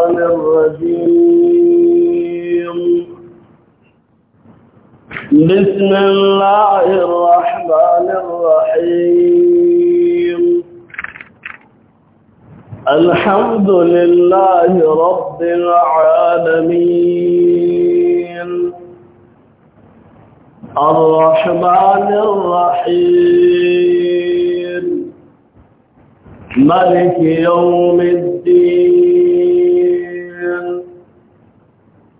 الشيطان الرجيم بسم الله الرحمن الرحيم الحمد لله رب العالمين الرحمن الرحيم ملك يوم الدين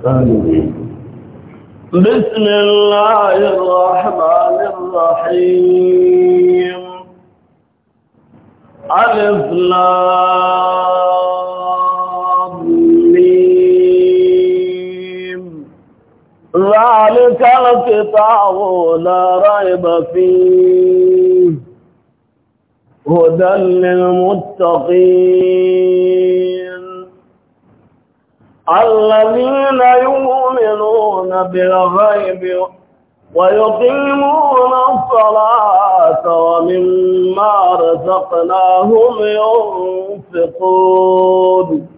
بسم الله الرحمن الرحيم ألف لام ذلك الكتاب لا ريب فيه هدى للمتقين الذين يؤمنون بالغيب ويقيمون الصلاة ومما رزقناهم ينفقون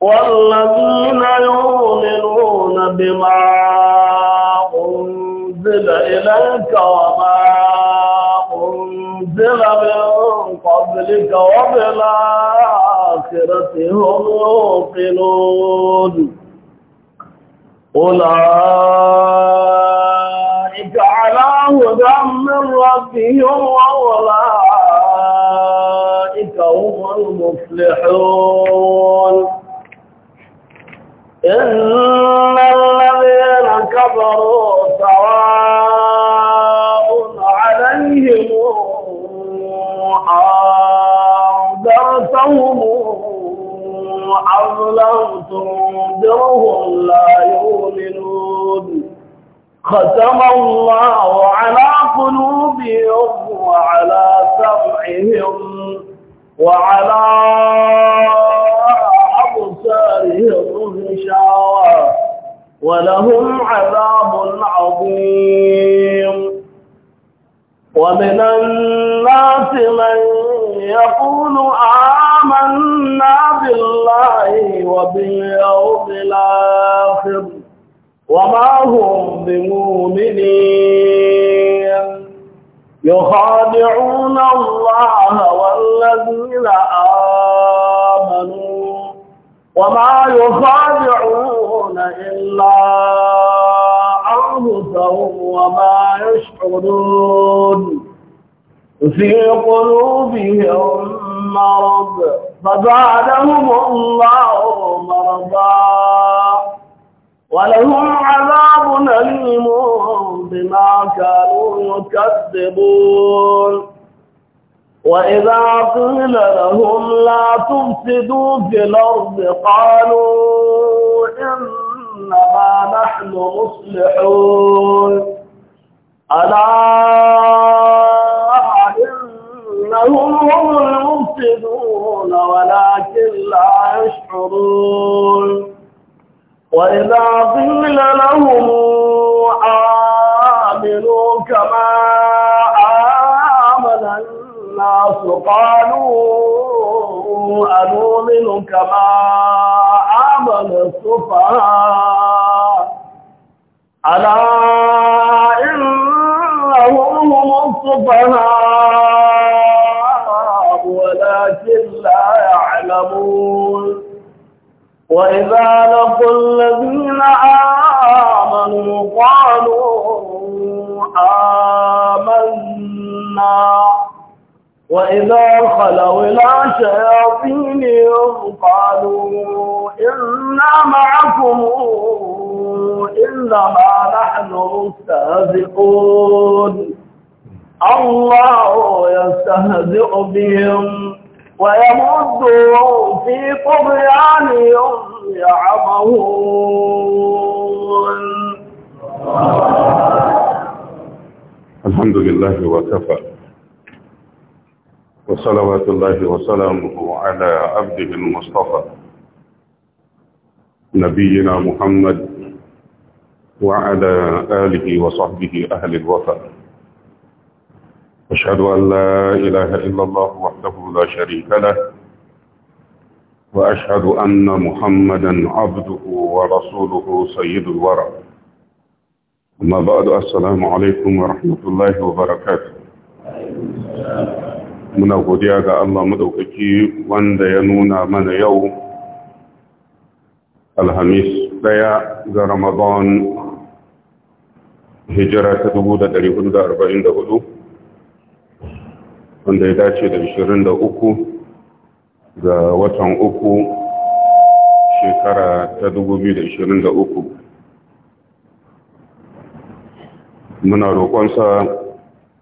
والذين يؤمنون بما أنزل إليك وما أنزل من قبلك وبالآخرة الآخرة هم يوقنون أولئك على هدى من ربهم وأولئك هم المفلحون إن الذين كفروا سواء عليهم أكثرتهم أم لم لا يؤمنون ختم الله على قلوبهم وعلى سمعهم وعلى أبصارهم غشاوة ولهم عذاب عظيم ومن الناس السيئات من يقول آمنا بالله وباليوم الآخر وما هم بمؤمنين يخادعون الله والذين آمنوا وما يخادعون إلا أنفسهم وما يشعرون في قلوبهم مرض فزادهم الله مرضا ولهم عذاب أليم بما كانوا يكذبون وإذا قيل لهم لا تفسدوا في الأرض قالوا إنما نحن مصلحون ألا إنهم هم المفسدون ولكن لا يشعرون وإذا قيل لهم آمنوا كما آمن الناس قالوا أنؤمن كما آمن السفهاء ألا إنهم هم السفهاء وإذا لقوا الذين آمنوا قالوا آمنا وإذا خلوا إلى شياطينهم قالوا إنا معكم إنما نحن مستهزئون الله يستهزئ بهم ويمدهم في طغيانهم يعمهون الحمد لله وكفى وصلوات الله وسلامه على عبده المصطفى نبينا محمد وعلى آله وصحبه أهل الوفاء أشهد أن لا إله إلا الله وحده لا شريك له وأشهد أن محمدا عبده ورسوله سيد الورى أما بعد السلام عليكم ورحمة الله وبركاته من godiya الله Allah madaukaki wanda من يوم mana yau رمضان هجرة ga ramadan hijira ta 1444 wanda ya dace da 23 ga watan uku shekara ta 2023 muna roƙonsa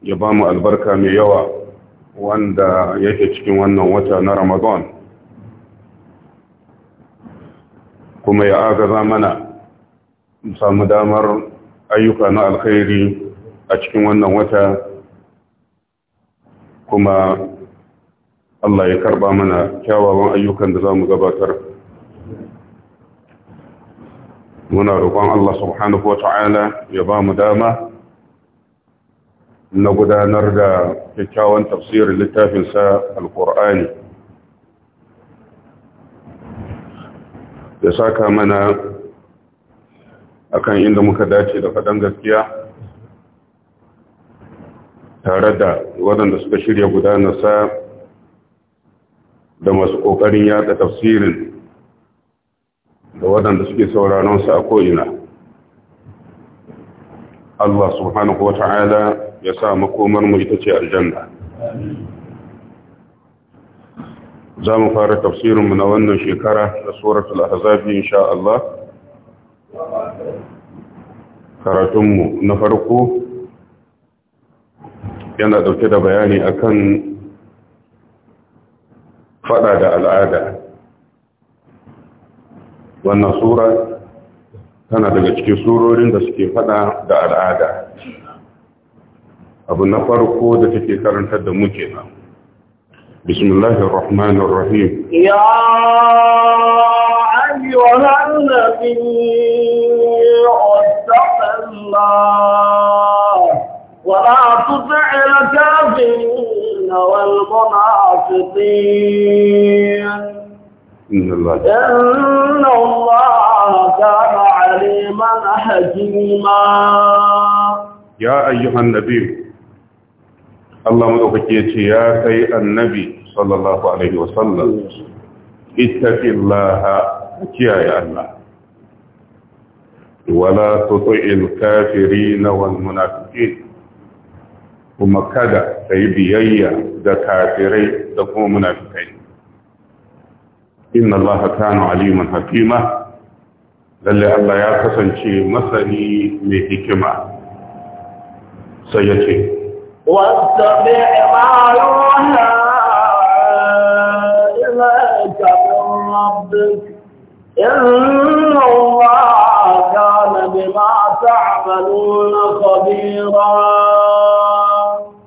ya ba mu albarka mai yawa wanda yake cikin wannan wata na ramadan kuma ya agaza mana samu damar ayyuka na alkhairi a cikin wannan wata kuma Allah ya karba mana kyawawan ayyukan da za mu gabatar muna roƙon Allah subhanahu wa ta'ala ya ba mu dama na gudanar da kyakkyawan tafsirin littafinsa Al-Ƙur'ani. ya saka mana akan inda muka dace da faɗan gaskiya tare da waɗanda suka shirya sa da masu ƙoƙarin yaɗa tafsirin da waɗanda suke su a ko'ina Allah subhanahu wa ta'ala ya sa makomar mu ita ce aljanna za mu fara tafsirinmu na wannan shekara da suratul azabi insha Allah karatunmu na farko yana dauke da bayani akan faɗa da al'ada wannan sura tana daga cikin surorin da suke faɗa da al'ada abu na farko da take karantar da muke nan bismillahir rahmanir rahim ya ayyuhan nabiy Allah ولا تطع الكافرين والمنافقين إن الله إن الله كان عليما حكيما يا أيها النبي الله مدوكيتي يا سي النبي صلى الله عليه وسلم اتق الله يا الله ولا تطع الكافرين والمنافقين kuma kada ka yi biyayya da kafirai da kuma munafikai inna allaha kana aliman hakima lalle Allah ya kasance masani mai hikima sai ya ce wattabi' ma yuha ilayka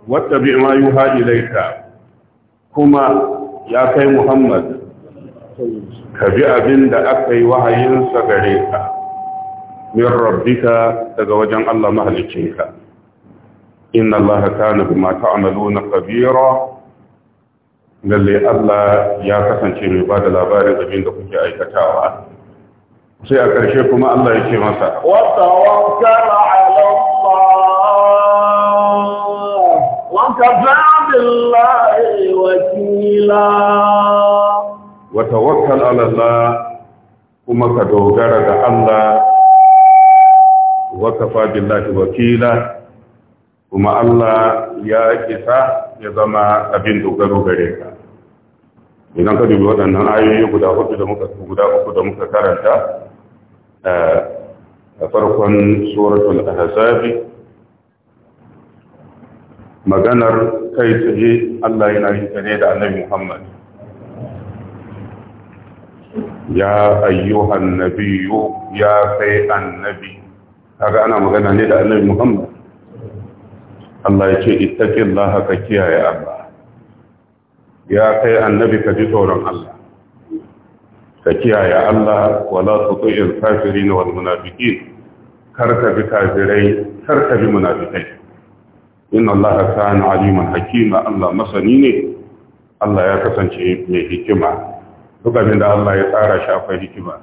wata bi ma yuha ilaika kuma ya kai muhammad ka bi abin da aka yi wahayinsa gare ka min rabbika daga wajen allah mahalicinka inna allah mata bima na kabira lalle Allah ya kasance mai ba da labarin abin da kuke aikatawa sai a ƙarshe kuma Allah ya ce masa wata wankar ala Wata بالله وكيلا kuma ka dogara كما Allah wata وكفى بالله wakila kuma Allah ya kisa ya zama abin dogaro gare ka idan ka dubi waɗannan ayoyi guda uku da muka guda uku da muka karanta a farkon suratul ahzabi maganar kai tsaye Allah yana yi tare da annabi Muhammad ya ayyuhan nabiyyu ya kai annabi kaga ana magana ne da annabi Muhammad Allah ya ce ittaqillaha ka kiyaye Allah ya kai annabi ka ji tsoron Allah ka kiyaye Allah wala tuti'il kafirin wal munafiqin kar ka bi kafirai kar ka bi munafiqai inna allaha kana aliman hakima allah masani ne allah ya kasance mai hikima duk abin da allah ya tsara shi akwai hikima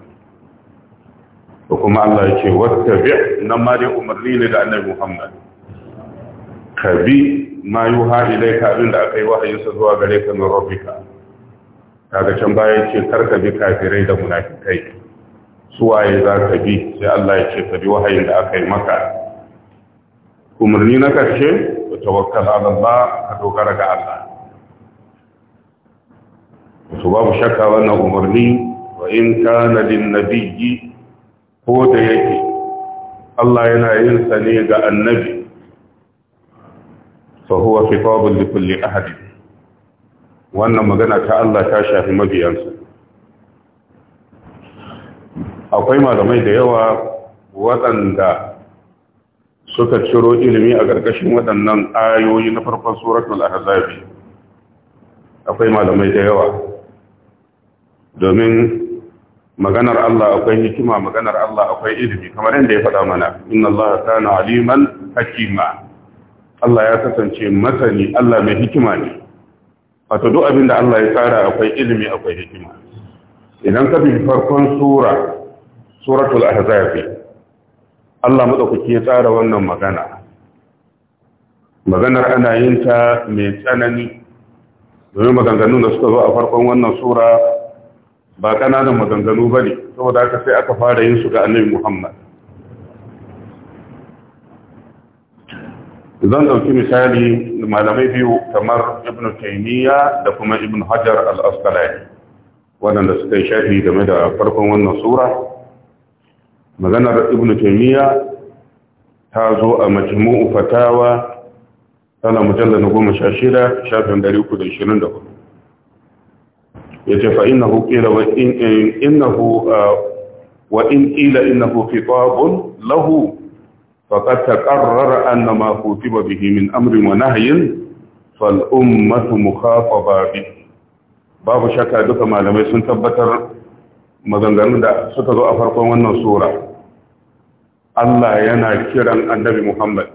ko kuma allah ya ce wattabi nan ma dai umarni ne da annabi muhammad ka bi ma yuha ilaika abin da aka yi wahayinsa zuwa gare ka min rabbika kaga can baya ce ka bi kafirai da munafikai su waye za ka bi sai Allah ya ce ka bi wahayin da aka yi maka umarni na ƙarshe da tawakkal Allah ka dogara ga Allah wato babu shakka wannan umarni wa in kana lin nabiyyi ko da yake Allah yana yin sa ne ga annabi fa huwa khitabun li kulli ahad wannan magana ta Allah ta shafi mabiyansa akwai malamai da yawa waɗanda suka ciro ilimi a ƙarƙashin waɗannan ayoyi na farkon suratul ahzabi akwai malamai da yawa domin maganar Allah akwai hikima maganar Allah akwai ilimi kamar yadda ya faɗa mana inna Allah kana aliman hakima Allah ya kasance masani Allah mai hikima ne wato duk abin da Allah ya tsara akwai ilimi akwai hikima idan ka bi farkon sura suratul ahzabi Allah madaukaki ya tsara wannan magana maganar ana yin ta mai tsanani domin maganganun da suka zo a farkon wannan sura ba kananan maganganu ba ne saboda haka sai aka fara yin su ga annabi muhammad zan ɗauki misali da malamai biyu kamar ibn taimiyya da kuma ibn hajar al-asqalani waɗanda suka yi shafi game da farkon wannan sura maganar ibn taymiya ta zo a majmu'u fatawa tana mujalla na goma sha shida shafin dari uku da ishirin da hudu ya ce fa'inahu ƙila wa in ƙila inahu fi ƙwabun lahu faƙad ta ƙarrara an na mafuti ba bihi min amrin wa nahayin fal'ummatu mu kafa babi." babu shaka duka malamai sun tabbatar maganganu da suka zo a farkon wannan sura Allah yana kiran annabi Muhammad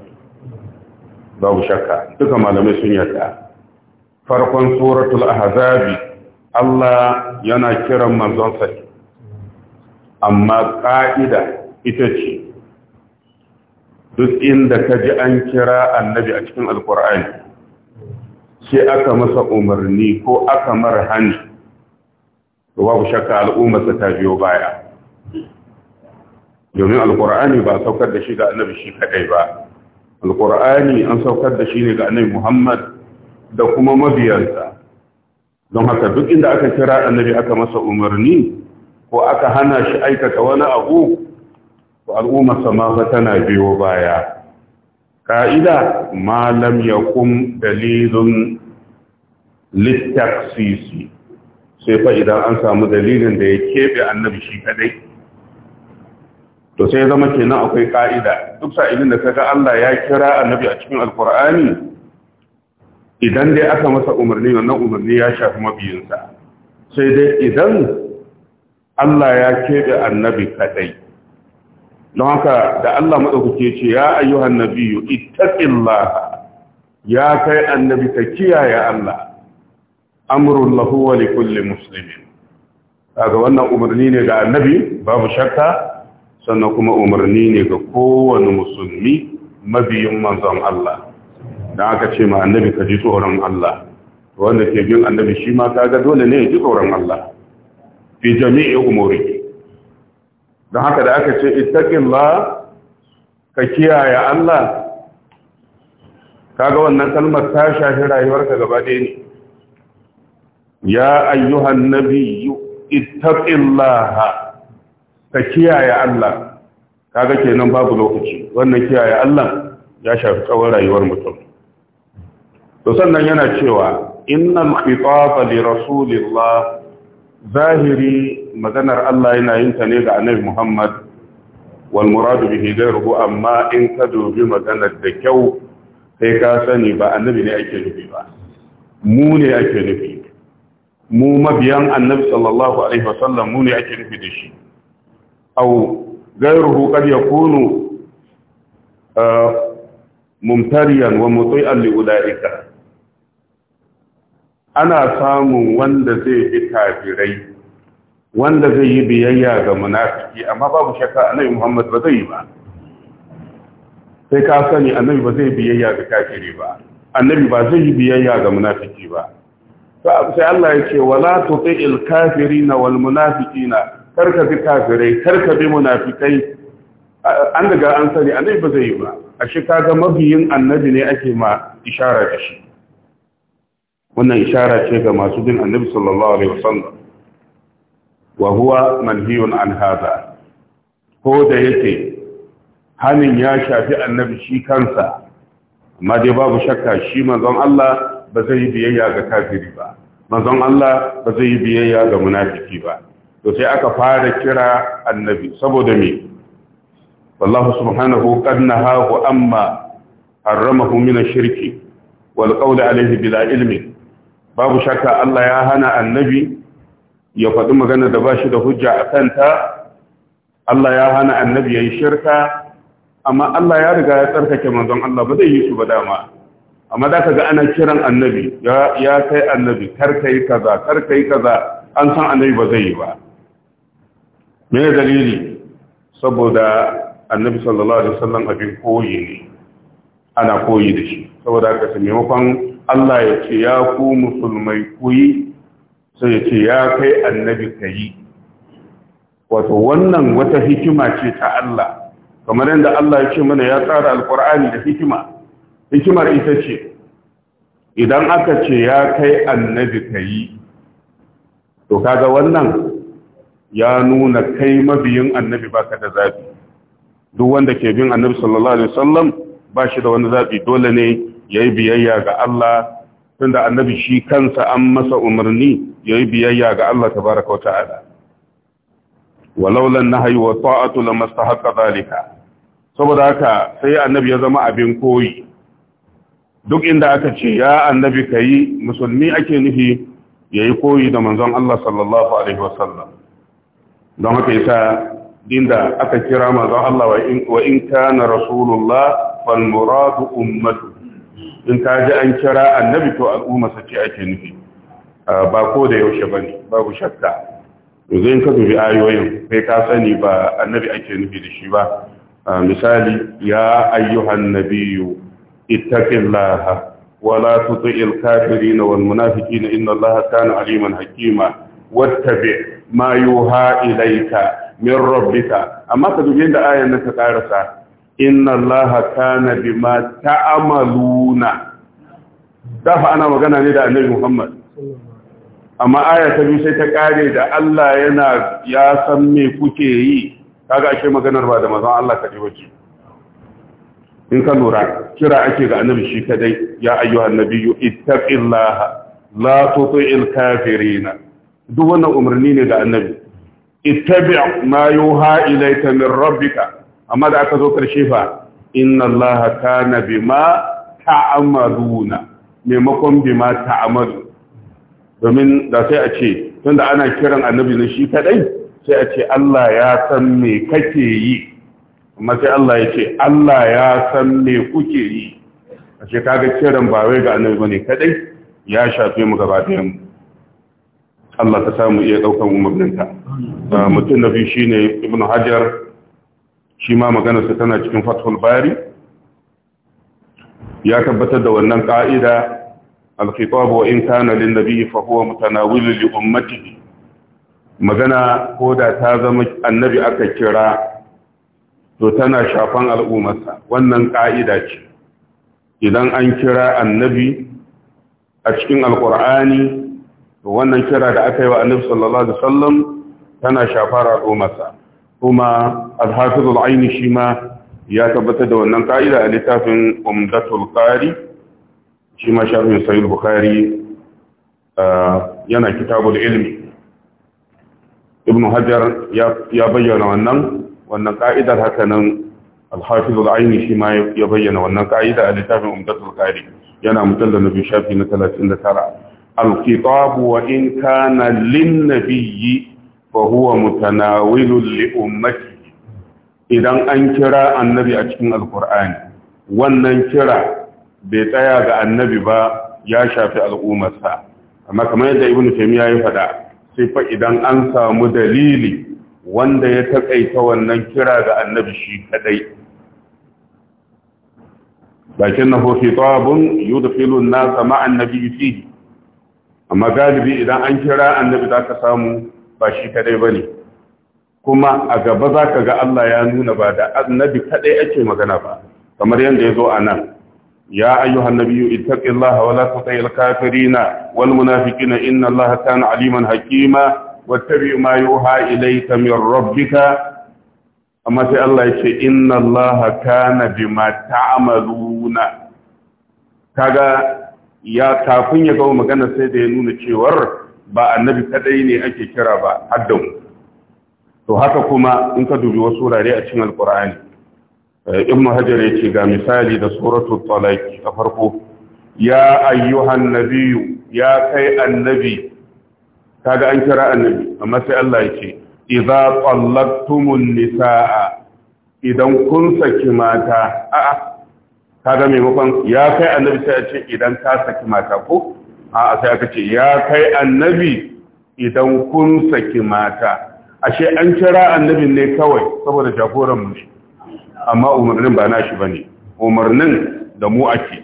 babu shakka duka malamai sun yarda farkon suratul ahzabi Allah yana kiran manzon sa amma ka'ida ita ce duk inda ka ji an kira annabi a cikin alkur'ani sai aka masa umarni ko aka mara hannu. to babu shakka al'ummarsa ta biyo baya domin alkur'ani ba saukar da shi ga annabi shi kadai ba alkur'ani an saukar da shi ne ga annabi muhammad da kuma mabiyansa don haka duk inda aka kira annabi aka masa umarni ko aka hana shi aikata wani abu to al'ummarsa ma tana biyo baya ka'ida malam ya yakum dalilin littaksisi sai fa idan an samu dalilin da ya keɓe annabi shi kadai to sai zama kenan akwai ka'ida duk sa'ilin da ga Allah ya kira annabi a cikin alkur'ani idan dai aka masa umarni wannan umarni ya shafi mabiyinsa sai dai idan Allah ya keɓe annabi kadai don haka da Allah maɗaukake ce ya ayyuhan nabiyu ittaqillaha ya kai annabi ka kiyaye Allah amrun lahu wa li kulli muslimin wannan umarni ne ga annabi babu shakka sannan kuma umarni ne ga kowane musulmi mabiyin manzon Allah dan aka ce ma annabi ka ji tsoron Allah wanda ke bin annabi shi ma kaga dole ne ya ji tsoron Allah fi jami'i umuri don haka da aka ce la, ka kiyaye Allah kaga wannan kalmar ta shafi rayuwarka gaba ɗaya ne ya ayyuhan nabiyyu ittaqillaha ka kiyaye Allah kaga kenan babu lokaci wannan kiyaye Allah ya shafi tsawon rayuwar mutum to sannan yana cewa innal khitaba li rasulillah zahiri maganar Allah yana yin ta ne ga annabi Muhammad wal muradu bihi ghayruhu amma in ka dubi maganar da kyau sai ka sani ba annabi ne ake nufi ba mu ne ake nufi mu mabiyan annabi sallallahu alaihi wasallam mu ne ake nufi da shi aw gairuhu kad yakunu uh, mumtariyan wa muti'an li ulaika ana samun wanda zai yi kafirai wanda zai yi biyayya ga munafiki amma babu shakka annabi Muhammad ba zai yi ba sai ka sani annabi ba zai biyayya ga kafiri ba annabi ba zai yi biyayya ga munafiki ba sai Allah ya ce wala tuti'il kafirina wal munafiqina karka bi kafirai karka bi munafikai an daga an sani annabi ba zai yi ba ashe kaga mabiyin annabi ne ake ma isharar da shi wannan ishara ce ga masu bin annabi sallallahu alaihi wasallam wa huwa manhiyun an hada ko da yake hanin ya shafi annabi shi kansa amma dai babu shakka shi manzon Allah ba zai yi biyayya ga kafiri ba manzon Allah ba zai yi biyayya ga munafiki ba to sai aka fara kira annabi saboda me wallahu subhanahu qad amma haramahu min ash-shirki wal qawli alayhi bila ilmi babu shakka Allah ya hana annabi ya faɗi magana da ba shi da hujja a kanta Allah ya hana annabi ya yi shirka amma Allah ya riga ya tsarkake manzon Allah ba zai yi su ba dama amma za ka ga ana kiran annabi ya kai annabi karka yi kaza karka yi kaza an san annabi ba zai yi ba mene dalili saboda annabi sallallahu alaihi wasallam abin koyi ne ana koyi da shi saboda ka sai maimakon Allah ya ce ya ku musulmai koyi sai ya ce ya kai annabi kayi wato wannan wata hikima ce ta Allah kamar yadda Allah ya ce mana ya tsara alkur'ani da hikima hikimar ita ce idan aka ce ya kai annabi ka yi to kaga wannan ya nuna kai mabiyin annabi ba ka da zabi duk wanda ke bin annabi sallallahu alaihi wasallam ba shi da wani zabi dole ne yayi biyayya ga Allah tunda annabi shi kansa an masa umarni yayi biyayya ga Allah tabaaraka ta'ala walaula an-nahy wa ta'atu lamastahaqqa zalika saboda haka sai annabi ya zama abin koyi duk inda aka ce ya annabi ka yi musulmi ake nufi ya yi koyi da manzon Allah sallallahu Alaihi wasallam don haka yasa inda aka kira manzon Allah wa in kana rasulullah muradu ummatu in ka ji an kira annabi to al'ummarsa ce ake nufi ba ko da yaushe ba ne babu shakka yanzu in ka dubi ayoyin kai ka sani ba annabi ake nufi da shi ba misali ya ayyuhan nabiyu ittaqillaha ولا تطع الكافرين والمنافقين إن الله كان عليما حكيما واتبع ما يوحى إليك من ربك أما تدوبين آية أنك تعرفها إن الله كان بما تعملون دافع أنا مغانا ندى النبي محمد أما آية تبي سيتكاري دا الله ينا يا سمي كتيري kaga ashe maganar ba da mazan Allah ka ji waje in ka lura kira ake ga annabi shi kadai ya ayyuha annabiyyu ittaqillaha la tuti'il kafirina duk wannan umarni ne ga annabi ittabi' ma yuha ilayka min rabbika amma da aka zo karshe fa inna allaha kana bima ta'maluna maimakon bima ta'malu domin da sai a ce tunda ana kiran annabi ne shi kadai sai a ce Allah ya san me kake yi amma sai Allah ya ce Allah ya san me kuke yi a ce kaga kiran ba wai ga annabi bane kadai ya shafe mu gaba ɗayan Allah ka samu iya daukan umarninka ah, mutum na biyu shine Ibn Hajar shi ma maganarsa tana cikin Fathul Bari ya tabbatar da wannan ka'ida lin وإن fa huwa mutanawil li ummatihi magana ko da ta zama annabi aka kira to tana shafan al'ummarsa wannan ƙa'ida ce idan an kira annabi a cikin alƙur'ani to wannan kira da aka yi wa annabi sallallahu alaihi wasallam tana shafar al'ummarsa kuma alhafizul aini shi ma ya tabbatar da wannan ƙa'ida a littafin umdatul qari shi ma sharhin bukhari yana kitabul ilmi ibn hajar ya bayyana wannan wannan ka'idar haka nan alhafiz shima shi ma ya bayyana wannan ka'ida a littafin umdatul qari yana da nabi shafi na 39 al-khitab wa in kana lin nabiyyi fa huwa mutanawilul li ummati idan an kira annabi a cikin alqur'ani wannan kira bai tsaya ga annabi ba ya shafi al'ummarsa amma kamar yadda ibnu taymiya ya faɗa sai fa idan an samu dalili wanda ya taƙaita wannan kira ga annabi shi kadai lakinnahu khitabun yudkhilu an-nas ma'a an-nabi fihi amma galibi idan an kira annabi zaka samu ba shi kadai ne. kuma a gaba zaka ga Allah ya nuna ba da annabi kadai ake magana ba kamar yadda ya zo anan يا أيها النبي اتق الله ولا تطع الكافرين والمنافقين إن الله كان عليما حكيما Wata biyu ma yuha ilayka min rabbika amma sai Allah ya ce inna mata kana bima ta'maluna kaga ya kafin ya gama magana sai da ya nuna cewar ba annabi kadai ne ake kira ba haddan to haka kuma in ka dubi wasu wurare a cikin alqur'ani ibn hajar yace ga misali da suratul talaq a farko ya ayyuhan nabiyyu ya kai annabi kaga an kira annabi amma sai Allah yake idza tallaqtumun nisaa idan kun saki mata a'a kaga maimakon ya kai annabi sai ya ce idan ka saki mata ko a'a sai aka ce ya kai annabi idan kun saki mata ashe an kira annabin ne kawai saboda jagoran mu ne amma umarnin ba nashi bane umarnin da mu ake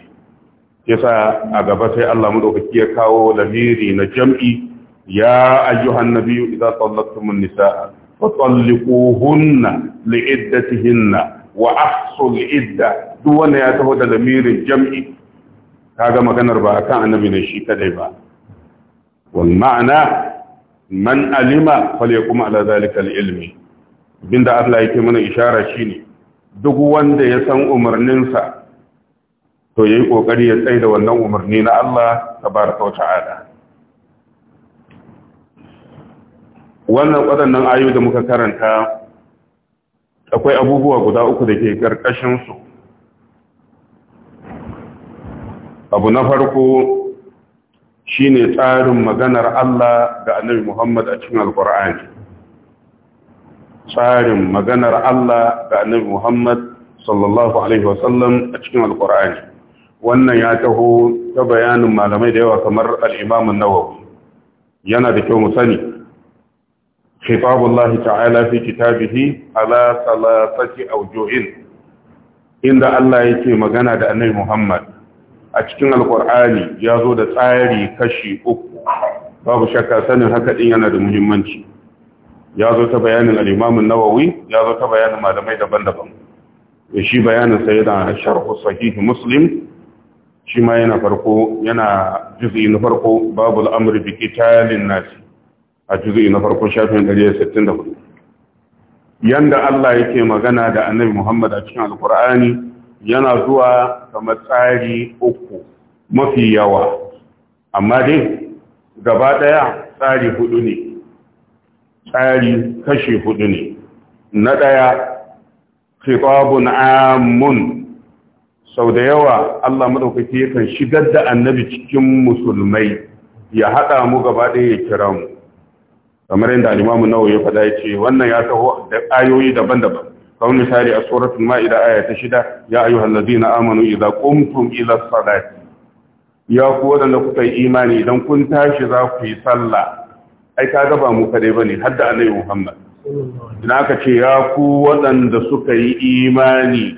yasa a gaba sai Allah mu dauki ya kawo lamiri na jam'i يا أيها النبي إذا طلقتم النساء فطلقوهن لعدتهن وأحصوا العدة دون يتهد ضمير الجمع هذا ما كان أربعة كان من الشيء كذبا والمعنى من علم فليقوم على ذلك العلم abinda Allah yake mana ishara shine duk wanda ya san umarninsa to yayi kokari ya tsaye da wannan umarni na Allah tabaraka wa ta'ala wannan waɗannan ayu da muka karanta akwai abubuwa guda uku da ke ƙarƙashinsu abu na farko shine tsarin maganar Allah ga annabi Muhammad a cikin alƙur'ani tsarin maganar Allah ga annabi Muhammad sallallahu alaihi wasallam a cikin alƙur'ani wannan ya taho ta bayanin malamai da yawa kamar al-Imam an-Nawawi yana da kyau mu sani خطاب الله تعالى في كتابه على ثلاثة أوجه إن الله يكي مغانا دا أني محمد أتكين القرآن يازو دا تاري كشي أكو باب شكا سنة هكا إيانا دا مهمانشي يازو تبيان الإمام النووي يازو تبيان ما دمي دبن دبن shi bayanin sai yana sharhu sahihi muslim shi ma yana farko yana juz'i na farko babu al'amri bi qitalin nasi a juzu'i na farko shafin 164 yanda Allah yake magana da annabi Muhammad a cikin alkur'ani yana zuwa kamar tsari uku mafi yawa amma dai gaba daya tsari hudu ne tsari kashi hudu ne na ɗaya khitabun amun sau da yawa Allah madaukaki yakan shigar da annabi cikin musulmai ya haɗa mu gaba daya ya kira mu kamar yadda al Nawa ya faɗa ya ce wannan ya taho da ayoyi daban-daban kawo misali a suratul Ma'ida aya ta shida ya ayyuhal na amanu idza qumtum ila salati ya ku waɗanda kuka yi imani idan kun tashi za ku yi sallah ai ka ga ba mu ba ne, har da Annabi Muhammad idan aka ce ya ku waɗanda suka yi imani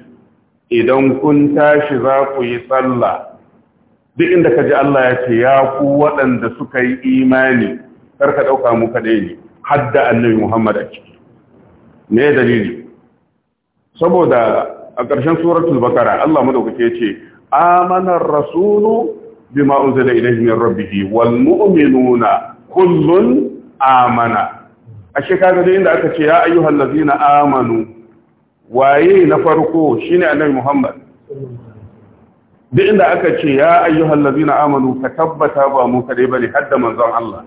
idan kun tashi za ku yi sallah duk inda ka ji Allah ya ce ya ku waɗanda suka yi imani karka dauka mu kadai ne hadda annabi Muhammad a ciki me dalili saboda a ƙarshen suratul bakara Allah madaukake ce, amanar rasulu bima da ilayhi min rabbih wal mu'minuna kullun amana ashe kaga da inda aka ce ya ayyuhal ladina amanu waye na farko shine annabi Muhammad duk inda aka ce ya ayyuhal ladina amanu ka tabbata ba mu kadai bane hadda manzon Allah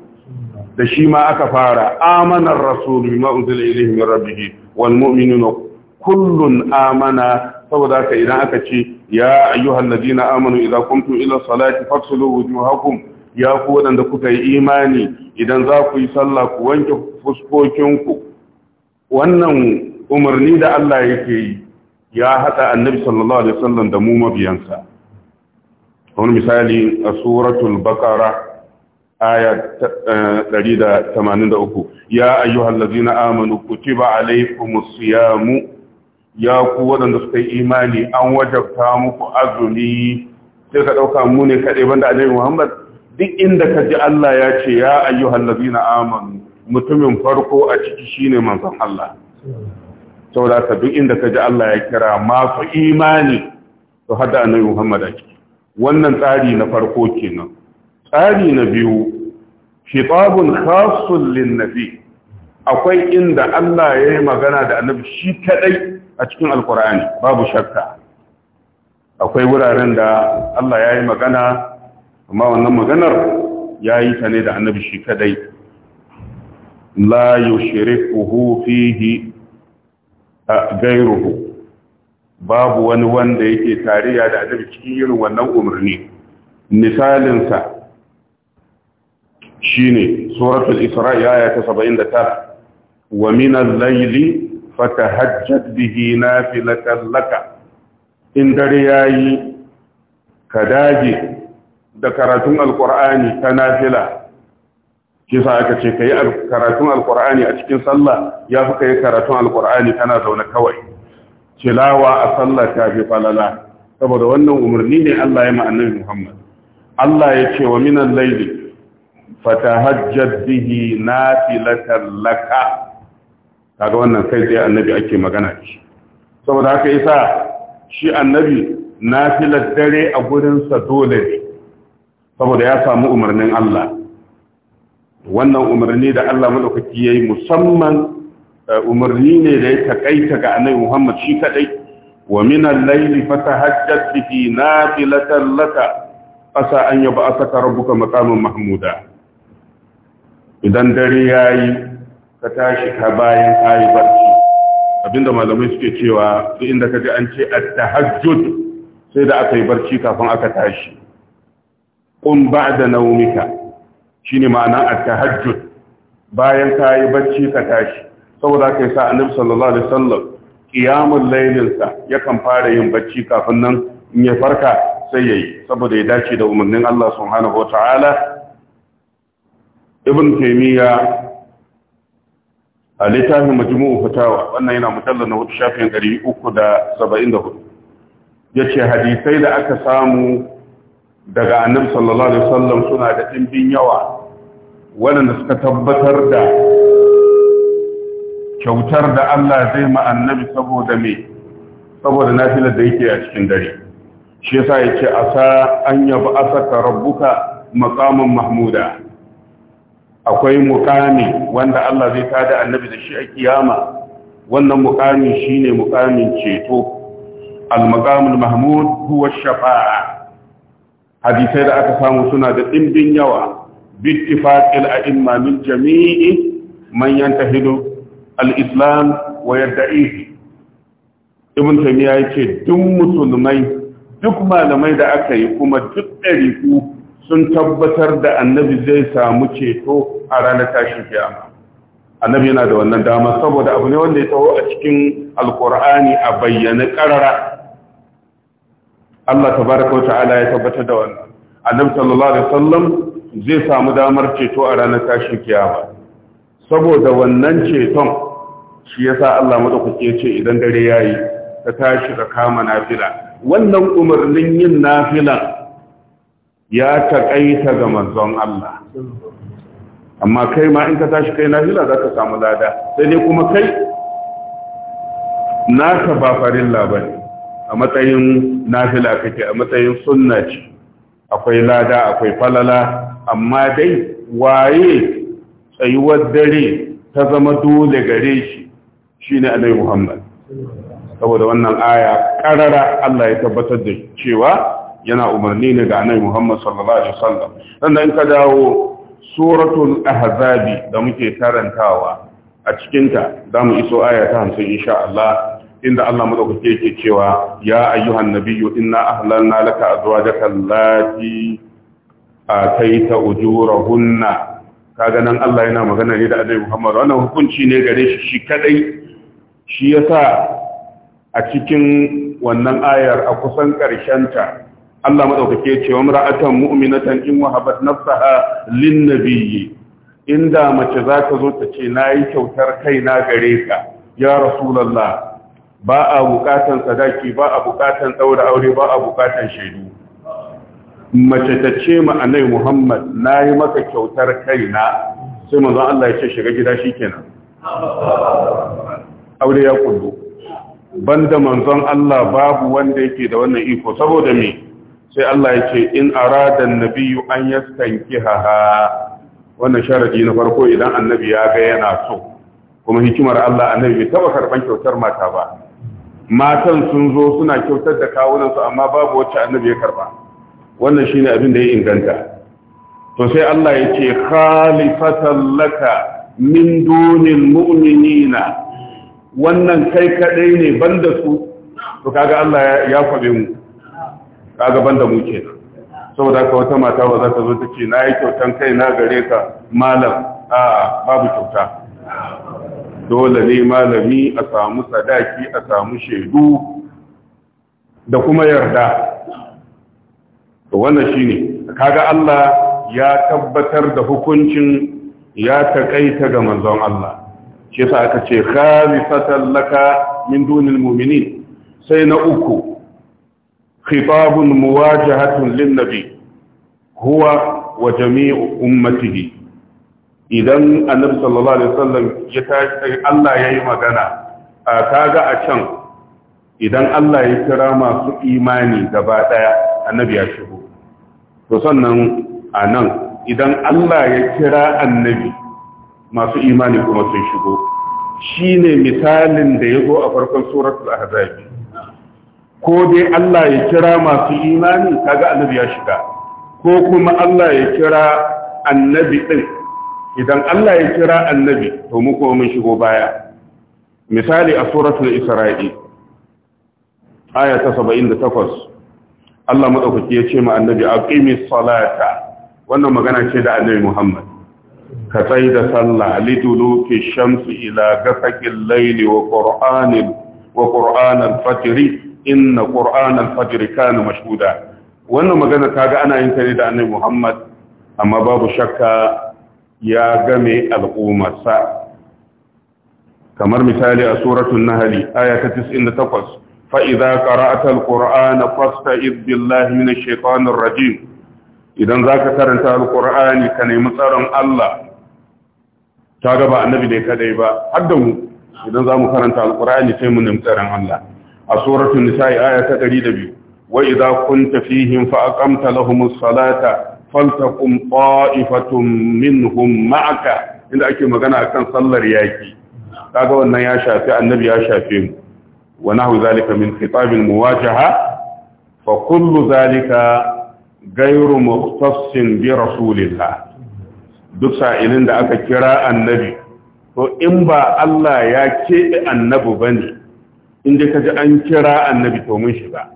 da shi ma aka fara amanar rasul bima unzila ilayhi min rabbih wal mu'minuna kullun amana saboda haka idan aka ce ya ayyuhal ladina amanu idza qumtum ila salati faghsilu wujuhakum ya ku wadanda kuka yi imani idan za ku yi sallah ku wanke fuskokinku wannan umarni da Allah yake yi ya haɗa annabi sallallahu alaihi wasallam da mu mabiyansa wani misali a suratul bakara aya 183 ya ayyuhallazina amanu kutiba alaykumus siyamu ya ku waɗanda suka yi imani an wajabta muku azumi sai ka ɗauka mu ne kaɗai banda annabi Muhammad duk inda ka ji Allah ya ce ya ayyuhallazina amanu mutumin farko a ciki shine manzon Allah saboda ka duk inda ka ji Allah ya kira masu imani to hada annabi Muhammad a ciki wannan tsari na farko kenan tsari na biyu khitabun khasun linnabi akwai inda Allah ya yi magana da annabi shi kadai a cikin alkur'ani babu shakka akwai wuraren da Allah ya yi magana amma wannan maganar ya yi ta ne da annabi shi kadai la yushrikuhu fihi ghayruhu babu wani wanda yake tariya da annabi cikin irin wannan umarni misalinsa shine suratul isra'i aya ta 79 wa min al-layli fatahajjad bihi nafilatan laka in dare yayi ka dage da karatun alqur'ani ta nafila kisa aka ce kai karatun alqur'ani a cikin sallah yafi kai karatun alqur'ani tana zaune kawai tilawa a sallah ta fi falala saboda wannan umarni ne Allah ya ma annabi Muhammad Allah ya ce wa min al-layli fatahajjad bihi nafilatan laka kaga wannan kai tsaye annabi ake magana shi saboda haka yasa shi annabi nafilar dare a gurinsa dole ne saboda ya samu umarnin Allah wannan umarni da Allah madaukaki yayi musamman eh, umarni ne da ya takaita ga annabi Muhammad shi kadai wa min al-layli fatahajjat bihi nafilatan laka asa an yab'athaka rabbuka maqaman mahmuda idan dare ya yi ka tashi ka bayan ka yi barci abinda malamai suke cewa duk inda ka ji an ce at-tahajjud sai da aka yi barci kafin aka tashi qum ba'da nawmika shine ma'ana at-tahajjud bayan ka yi barci ka tashi saboda kai sa annabi sallallahu alaihi wasallam qiyamul laylin yakan fara yin barci kafin nan in ya farka sai yayi saboda ya dace da umarnin Allah subhanahu wataala ibn taymiya a littafin majmu'u fatawa wannan yana mujallal na hudu shafin 374 yace hadisai da aka samu daga annab sallallahu alaihi wasallam suna da ɗimbin yawa waɗanda suka tabbatar da kyautar da Allah zai ma saboda me saboda nafilar da yake a cikin dare shi yasa yace asa an yaba asaka rabbuka maqaman mahmuda akwai mukami wanda Allah zai tada annabi da shi a kiyama wannan mukami shine mukamin ceto al-maqamul mahmud huwa shafa'a hadisai da aka samu suna da dindin yawa bittifaqil a'imma min jami'i man yantahidu al-islam wa yad'ihi ibn taymiya yace duk musulmai duk malamai da aka yi kuma duk dariku sun tabbatar da annabi zai samu ceto a ranar tashin kiyama annabi yana da wannan dama saboda abu ne wanda ya taho a cikin alkur'ani a bayyana karara Allah tabaraka wa ta'ala ya tabbatar da wannan annabi sallallahu alaihi wasallam zai samu damar ceto a ranar tashin kiyama saboda wannan ceton shi yasa Allah madaukake ya ce idan dare yayi ka tashi ka kama nafila wannan umarnin yin nafila ya taƙaita ga manzon Allah amma kai ma in ka tashi kai nafila za ka samu lada sai dai kuma kai naka ba farin labari a matsayin nafila kake a matsayin sunna ce akwai lada akwai falala amma dai waye tsayuwar dare ta zama dole gare shi shine annabi Muhammad saboda wannan aya karara Allah ya tabbatar da cewa yana umarni ne ga annabi Muhammad sallallahu alaihi wasallam sannan ka dawo suratul ahzabi da muke karantawa a cikin ta zamu iso aya ta 50 insha Allah inda Allah madaukake yake cewa ya ayyuhan nabiyyu inna ahlalna laka azwajaka allati ataita ujurahunna kaga nan Allah yana magana ne da annabi Muhammad wannan hukunci ne gare shi shi kadai shi yasa a cikin wannan ayar a kusan ta. Allah madaukake ce wa mar'atan mu'minatan in wahabat nafsaha lin nabiyyi inda mace za ta zo ta ce nayi kyautar kaina gare ka ya rasulullah ba a bukatan sadaki ba a bukatan daura aure ba a bukatan shaidu mace ta ce ma anai Muhammad nayi maka kyautar kaina sai manzon Allah ya ce shiga gida shikenan aure ya kullu banda manzon Allah babu wanda yake da wannan iko saboda me sai Allah ya ce in aradan nabiyu an yastankiha wannan sharadi na farko idan annabi ya ga yana so kuma hikimar Allah annabi bai taba karban kyautar mata ba matan sun zo suna kyautar da kawunan su amma babu wacce annabi ya karba wannan shine abin da ya inganta to sai Allah ya ce khalifatan laka min dunil mu'minina wannan kai kadai ne banda su to kaga Allah ya kwabe mu kaga banda mu kenan saboda ka wata mata ba za ta zo ta ce na yi kyautan kai na gare ka malam a babu kyauta dole ne malami a samu sadaki a samu shaidu da kuma yarda to wannan shine kaga Allah ya tabbatar da hukuncin ya takaita ga manzon Allah shi yasa aka ce khalifatan laka min dunil mu'minin sai na uku خطاب مواجهة للنبي هو وجميع أمته idan annabi sallallahu alaihi wasallam ya tashi Allah yayi magana a kaga a can idan Allah ya kira masu imani gaba daya annabi ya shigo to sannan anan idan Allah ya kira annabi masu imani kuma sun shigo shine misalin da ya zo a farkon suratul ahzab ko dai Allah ya kira masu imani kaga annabi ya shiga ko kuma Allah ya kira annabi din idan Allah ya kira annabi to mu ko mun shigo baya misali a suratul isra'i aya ta 78 Allah madaukaki ya ce ma annabi aqimis salata wannan magana ce da annabi Muhammad ka tsaye da sallah liduluki shamsu ila gasakin laili wa qur'anil wa qur'anal fatri inna qur'an al-fajr kana mashhuda wannan magana ga ana yin ta ne da annabi Muhammad amma babu shakka ya game al'ummarsa kamar misali a suratun nahali, aya ta 98 fa'iza idza qara'ta al-qur'ana fasta'id billahi minash shaitanir rajim idan karanta al'urani ka nemi tsaron Allah ta gaba annabi ne kadai ba hadda idan zamu karanta al'urani sai mu nemi tsaron Allah a suratun nisa'i aya ta 102 wa idza kunta fihim fa aqamta lahumus salata faltaqum ta'ifatun minhum ma'aka inda ake magana akan sallar yaki kaga wannan ya shafi annabi ya shafe mu wa nahu zalika min khitabil muwajaha fa kullu zalika ghayru mukhtassin bi rasulillah duk sa'ilin da aka kira annabi to in ba Allah ya keɓe annabi bane in ka ji an kira annabi to mun shiga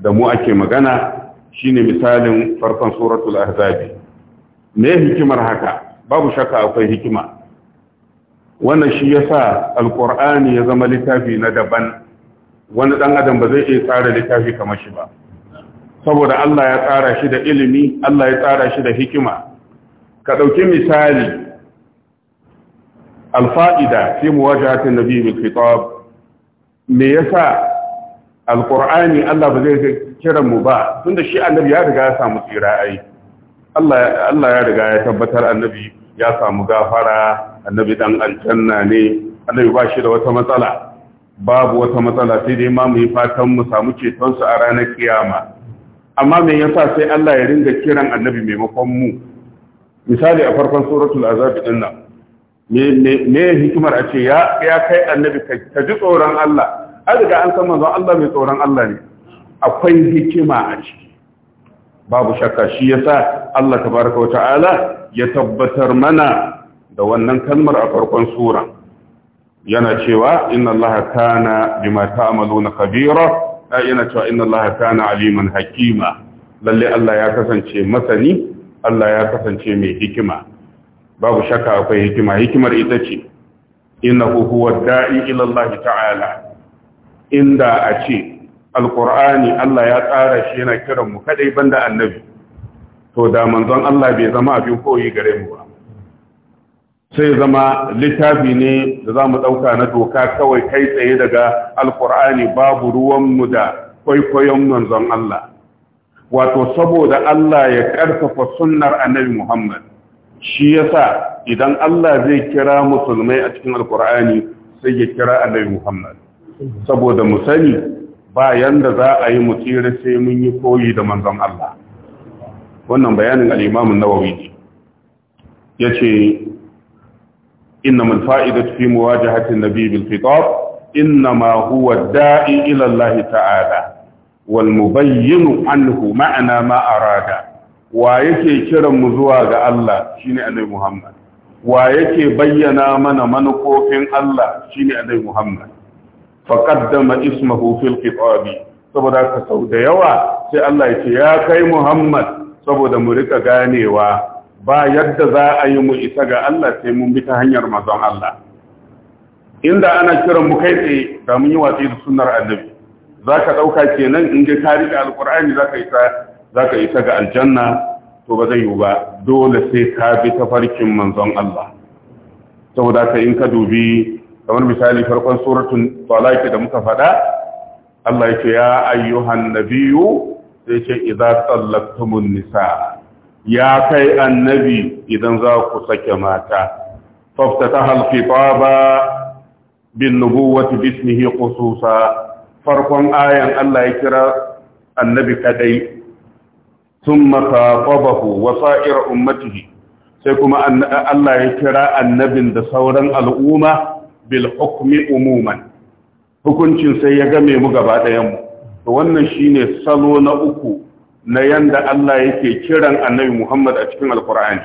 da mu ake magana shine misalin farkon suratul ahzabi me hikimar haka babu shakka akwai hikima wannan shi yasa alqur'ani ya zama littafi na daban wani dan adam ba zai iya tsara littafi kamar shi ba saboda Allah ya tsara shi da ilimi Allah ya tsara shi da hikima ka dauki misali alfa'ida fi muwajahatin nabi bil khitab me yasa alqur'ani Allah ba zai kira mu ba tunda shi annabi ya riga ya samu tsira ai Allah Allah ya riga ya tabbatar annabi ya samu gafara annabi dan aljanna ne annabi ba shi da wata matsala babu wata matsala sai dai ma mu yi fatan mu samu ceton su a ranar kiyama amma me yasa sai Allah ya ringa kiran annabi maimakon mu misali a farkon suratul azab dinnan me hikimar a ce ya kai annabi ka ji tsoron Allah an riga an san manzon Allah mai tsoron Allah ne akwai hikima a ciki babu shakka shi yasa Allah tabaraka wa ta'ala ya tabbatar mana da wannan kalmar a farkon sura yana cewa inna Allah kana bima ta'maluna kabira yana cewa inna Allah kana aliman hakima lalle Allah ya kasance masani Allah ya kasance mai hikima babu shakka akwai hikima hikimar ita ce Ina huwa da'i ilallahi ta'ala inda a ce alqur'ani Allah ya tsara shi yana kiran mu kadai banda annabi to da manzon Allah bai zama abin koyi gare mu ba sai zama littafi ne da za mu ɗauka na doka kawai kai tsaye daga alkur'ani babu ruwanmu da kwaikwayon manzon Allah wato saboda Allah ya ƙarfafa sunnar annabi Muhammad shi yasa idan Allah zai kira musulmai a cikin alkur'ani sai ya kira annabi Muhammad saboda mu sani ba yanda za a yi mu tsire sai mun yi koyi da manzon Allah wannan bayanin al-Imam an-Nawawi yace إنما الفائدة في مواجهة innama بالخطاب إنما هو الداعي إلى الله تعالى والمبين عنه ma ما أراد wa yake kiran mu zuwa ga Allah shine annabi Muhammad wa yake bayyana mana manufofin Allah shine annabi Muhammad qaddama ismuhu fil qitabi saboda ka sau da yawa sai Allah ya ce ya kai Muhammad saboda mu rika ganewa ba yadda za a yi mu isa ga Allah sai mun bi ta hanyar mazan Allah inda ana kiran mu kai tsaye da mun yi watsi da sunnar annabi zaka ɗauka kenan in ga ka za alqur'ani zaka isa za ka isa ga aljanna to ba zai yi ba dole sai ka bi tafarkin manzon Allah saboda ka in ka dubi kamar misali farkon suratun talaki da muka faɗa Allah ya ce ya ayyuhan nabiyu sai ce idza sallaktumun nisa ya kai annabi idan za ku sake mata faftataha alqitaba bin nubuwati bismihi khususa farkon ayan Allah ya kira annabi kadai thumma khatabahu wa sa'ir ummatihi sai kuma Allah ya kira annabin da sauran al'umma bil hukmi umuman hukuncin sai ya game mu gaba ɗayan mu to wannan shine salo na uku na yanda Allah yake kiran annabi Muhammad a cikin alqur'ani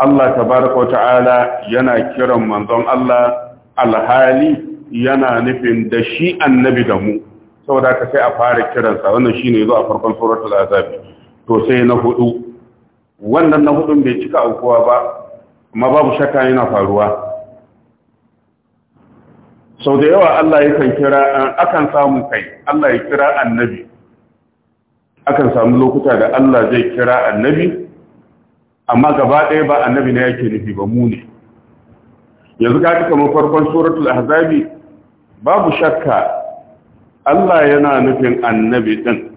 Allah tabaraka ta'ala yana kiran manzon Allah alhali yana nufin da shi annabi da mu saboda haka sai a fara kiransa wannan shine yazo a farkon suratul azabi to sai na hudu wannan na hudun bai cika aukuwa ba amma babu shakka yana faruwa sau da yawa Allah yakan kira akan samu kai Allah ya kira annabi akan samu lokuta da Allah zai kira annabi amma gaba ɗaya ba annabi ne yake nufi ba mu ne yanzu ka kamar farkon suratul ahzabi babu shakka Allah yana nufin annabi din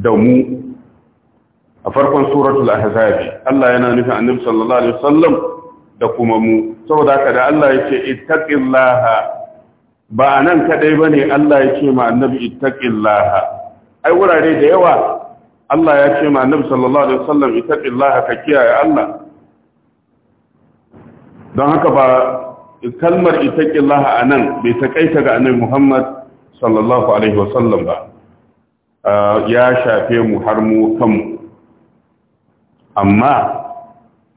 da mu a farkon suratul ahzab Allah yana nufin annabi sallallahu alaihi wasallam da kuma mu saboda haka da Allah yake ittaqillaha ba anan kadai bane Allah yake ma annabi ittaqillaha ai wurare da yawa Allah ya ce ma annabi sallallahu alaihi wasallam ittaqillaha ka kiyaye Allah don haka ba kalmar itaƙillaha a nan bai taƙaita ga annabi Muhammad sallallahu Alaihi wasallam ba, ah, ya shafe mu har mu kanmu. amma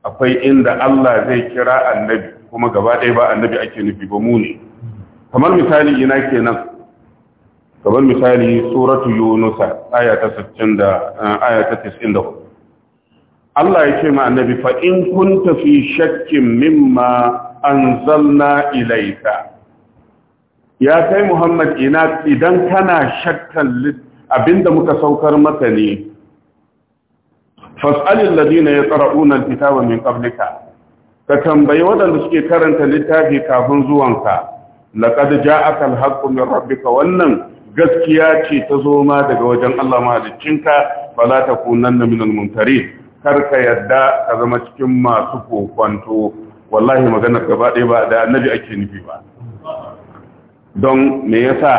akwai inda Allah zai kira annabi kuma gaba ɗaya ba annabi ake nufi ba mu ne kamar misali ina kenan kamar misali suratu yunusa aya ta 60 da eh, aya ta 94 Allah ya ce ma annabi fa in kunta fi shakkin mimma anzalna ilayka ya kai Muhammad ina idan kana shakkan abinda muka saukar maka ne fas'alil ladina yaqra'una alkitaba min qablika ka tambayi waɗanda suke karanta littafi kafin zuwanka laqad ja'aka alhaqqu min rabbika wannan gaskiya ce ta zo ma daga wajen Allah mahaliccinka ba za ta kunanna min almuntari kar ka yadda ka zama cikin masu kokwanto wallahi maganar gaba ɗaya ba da annabi ake nufi ba don me yasa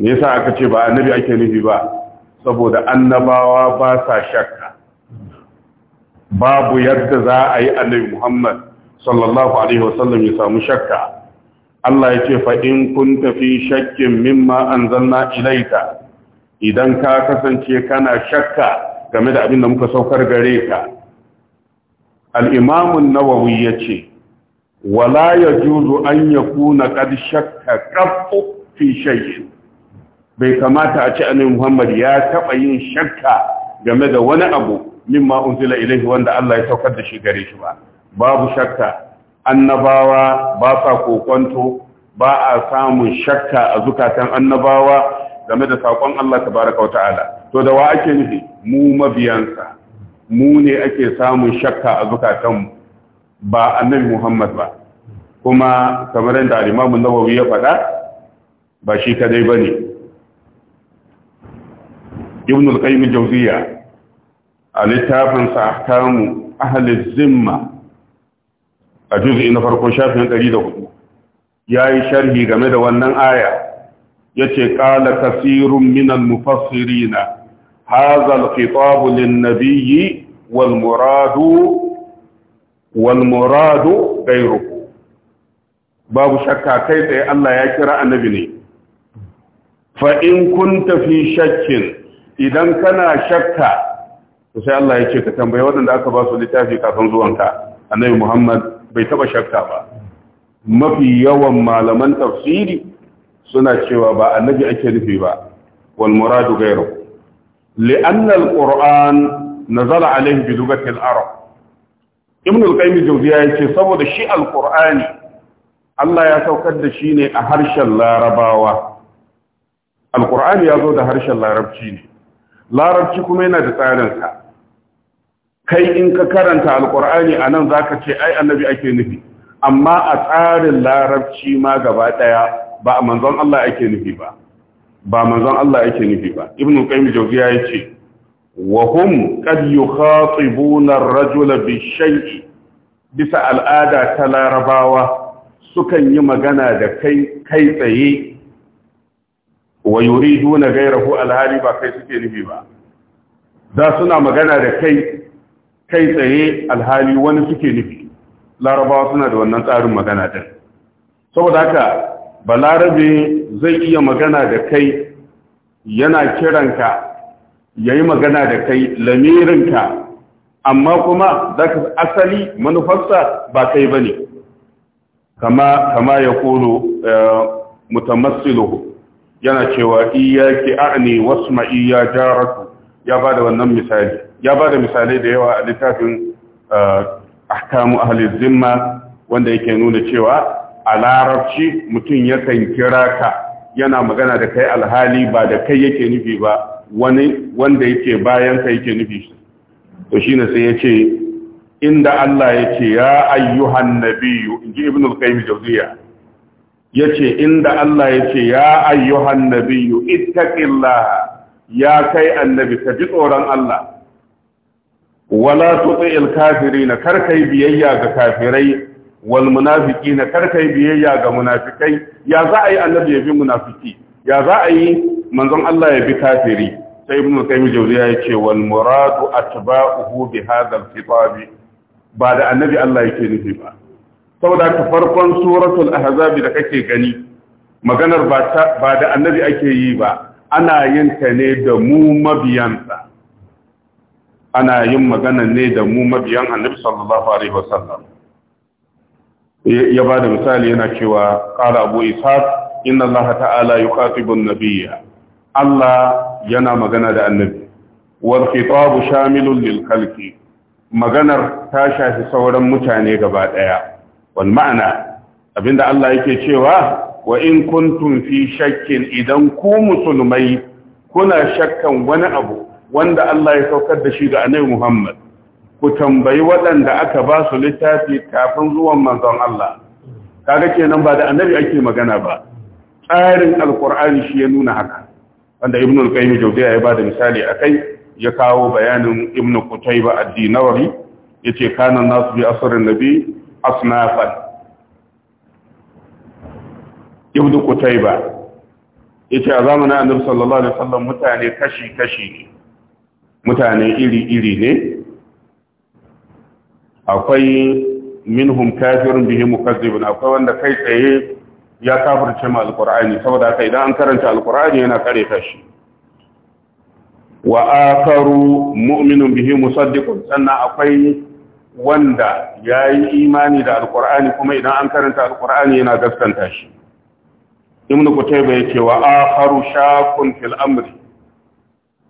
me yasa aka ce ba annabi ake nufi ba saboda annabawa ba sa shakka babu yadda za a yi annabi Muhammad sallallahu alaihi wasallam ya samu shakka Allah ya ce fa in kunta fi shakkin mimma anzalna ilaika idan ka kasance kana shakka game da abin da muka saukar gare ka al-imam an-nawawi yace wala yajuzu an yakuna qad shakka qattu fi shay'in bai kamata a ce annabi Muhammad ya taba yin shakka game da wani abu mimma unzila ilaihi wanda Allah ya saukar da shi gare shi ba babu shakka annabawa ba sa kokonto ba a samun shakka a zukatan annabawa game da sakon Allah tabaraka wata'ala to da wa ake nufi mu mabiyansa mu ne ake samun shakka a mu? ba annabi Muhammad ba kuma kamar yadda al-Imam nawawi ya faɗa ba shi kadai bane Ibn al-Qayyim al-Jawziyya a littafin sa ahkamu zimma a juz'i na farko shafin 104 sharhi game da wannan aya ya ce kasirun minal mufassirina na al-khitab lin-nabiyyi wal Gairu. babu shakka kai tsaye Allah ya kira annabi ne fa in kunta shakkin idan kana shakka to sai Allah ya ce ka tambaye waɗanda aka ba su littafi kafin zuwanka annabi Muhammad bai taba shakka ba mafi yawan malaman tafsiri suna cewa ba annabi ake nufi ba wal muradu ghayru لأن القرآن نزل عليه بلغة العرب ابن القيم الجوزية ce saboda shi alqur'ani Allah ya saukar da shi ne a harshen larabawa alqur'ani ya zo da harshen larabci ne larabci kuma yana da tsarinsa kai in ka karanta alkur'ani a nan za ka ce ai annabi ake nufi amma a tsarin larabci ma gaba ɗaya ba a manzon Allah ake nufi ba ba manzon Allah ake nufi ba ibnu qayyim jawziya yace wa hum qad yukhatibuna ar-rajula bi bisa al'ada ta larabawa sukan yi magana da kai kai tsaye wa yuriduna ghayrahu alhali ba kai suke nufi ba da suna magana da kai kai tsaye alhali wani suke nufi larabawa suna da wannan tsarin magana din saboda haka balarabe zai iya magana da kai yana kiranka ya yi magana da kai lamirinka amma kuma za ka asali manufarsa ba kai ba ne kama ya kolo eh, mutamassiluhu yana cewa iyaki ne, wasu ma'iya jararku ya ba da wannan misali ya ba da misalai da yawa a littafin eh, ahkamu ahli zimma wanda yake nuna cewa a larabci mutum yakan kira ka yana magana da kai alhali ba da kai yake nufi ba wani wanda yake bayan ka yake nufi to shine sai yace inda Allah yace ya ayyuhan nabiyyu inji ibn al-qayyim jawziya yace inda Allah yace ya ayyuhan nabiyyu ittaqillah ya kai annabi ka ji tsoron Allah wala kafiri na karkai biyayya ga kafirai wal na karkai biyayya ga munafikai ya za a yi annabi ya bi munafiki ya za a yi manzon Allah ya bi kafiri sai ibn qayyim jawziya ya ce wal muradu atba'uhu bi hadha al khitab ba da annabi Allah yake nufi ba saboda ta farkon suratul ahzab da kake gani maganar ba da annabi ake yi ba ana yin ta ne da mu mabiyansa ana yin magana ne da mu mabiyan annabi sallallahu alaihi wasallam ya ba da misali yana cewa qala abu ishaq inna allah ta'ala yukhatibu nabiyya allah yana magana da annabi wal khitabu shamilun lil khalqi maganar ta shafi sauran mutane gaba daya wal ma'ana abinda allah yake cewa wa in kuntum fi shakkin idan ku musulmai kuna shakkan wani abu wanda Allah ya saukar da shi ga annabi Muhammad ku tambayi waɗanda aka ba su littafi kafin zuwan manzon Allah kaga kenan ba da annabi ake magana ba tsarin alkur'ani shi ya nuna haka wanda ibn al-qayyim jawziya ya bada misali akai ya kawo bayanin ibn qutayba ad-dinawi yace kana nasu bi asrin nabi asnafan ibn qutayba yace a zamanin annabi sallallahu alaihi wasallam mutane kashi kashi ne mutane iri-iri ne akwai minhum kafirun bihi mukazzibun akwai wanda kai tsaye ya kafirce ma alqur'ani saboda haka idan an karanta alqur'ani yana kare ta shi wa akaru mu'minun bihi musaddiqun sannan akwai wanda yayi imani da alqur'ani kuma idan an karanta alqur'ani yana gaskanta shi ibnu kutayba yake wa akaru shakun fil amri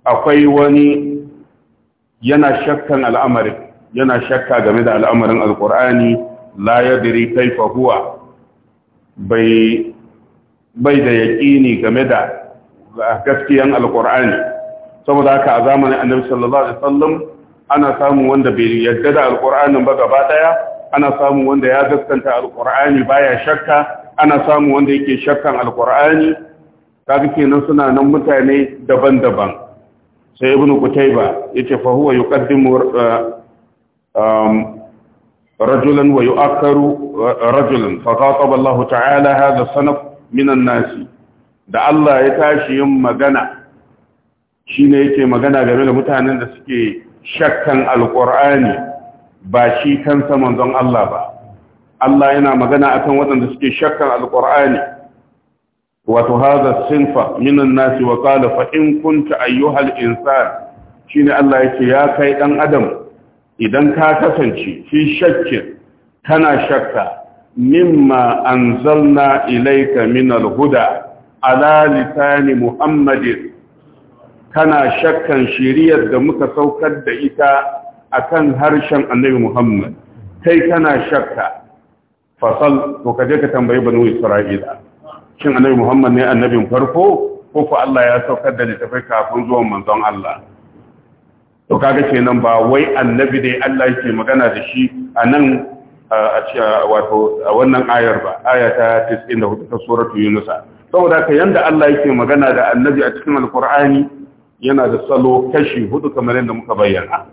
akwai wani yana shakkan al'amarin yana shakka game da al'amarin alkur'ani la yadri bai da yaƙini game da gaskiyan alur'ani saboda haka a zamanin annabi sallallahu alaihi sallam ana samun wanda bai yarda da alkur'anin ba gaba daya ana samun wanda ya gaskanta alkur'ani baya shakka ana samun wanda yake shakkan alkur'ani kaga kenan suna nan mutane daban-daban sai ibn qutayba yace fa huwa yuqaddimu um, rajulan wa yu'akkaru uh, rajulan fa qataba Allah ta'ala hadha sanaf min an nasi. da Allah ya tashi yin magana shine yake magana game da mutanen da suke shakkan alqur'ani ba shi kansa manzon Allah ba Allah yana magana akan waɗanda suke shakkan alqur'ani wato haza sinfa minan nasi wa qala fa in kunta ayyuhal insan shine Allah yake ya kai dan adam idan ka kasance fi shakkin kana shakka mimma anzalna ilayka min alhuda. huda ala lisani muhammadin kana shakkan shiriyar da muka saukar da ita akan harshen annabi muhammad kai kana shakka fasal to kaje ka tambayi banu isra'ila shin annabi Muhammad ne annabin farko ko Allah ya saukar da littafai kafin zuwan manzon Allah to kaga kenan ba wai annabi dai Allah yake magana da shi anan a wato a wannan ayar ba aya ta 94 ta suratu Yunus saboda ka yanda Allah yake magana da annabi a cikin alqur'ani yana da salo kashi hudu kamar da muka bayyana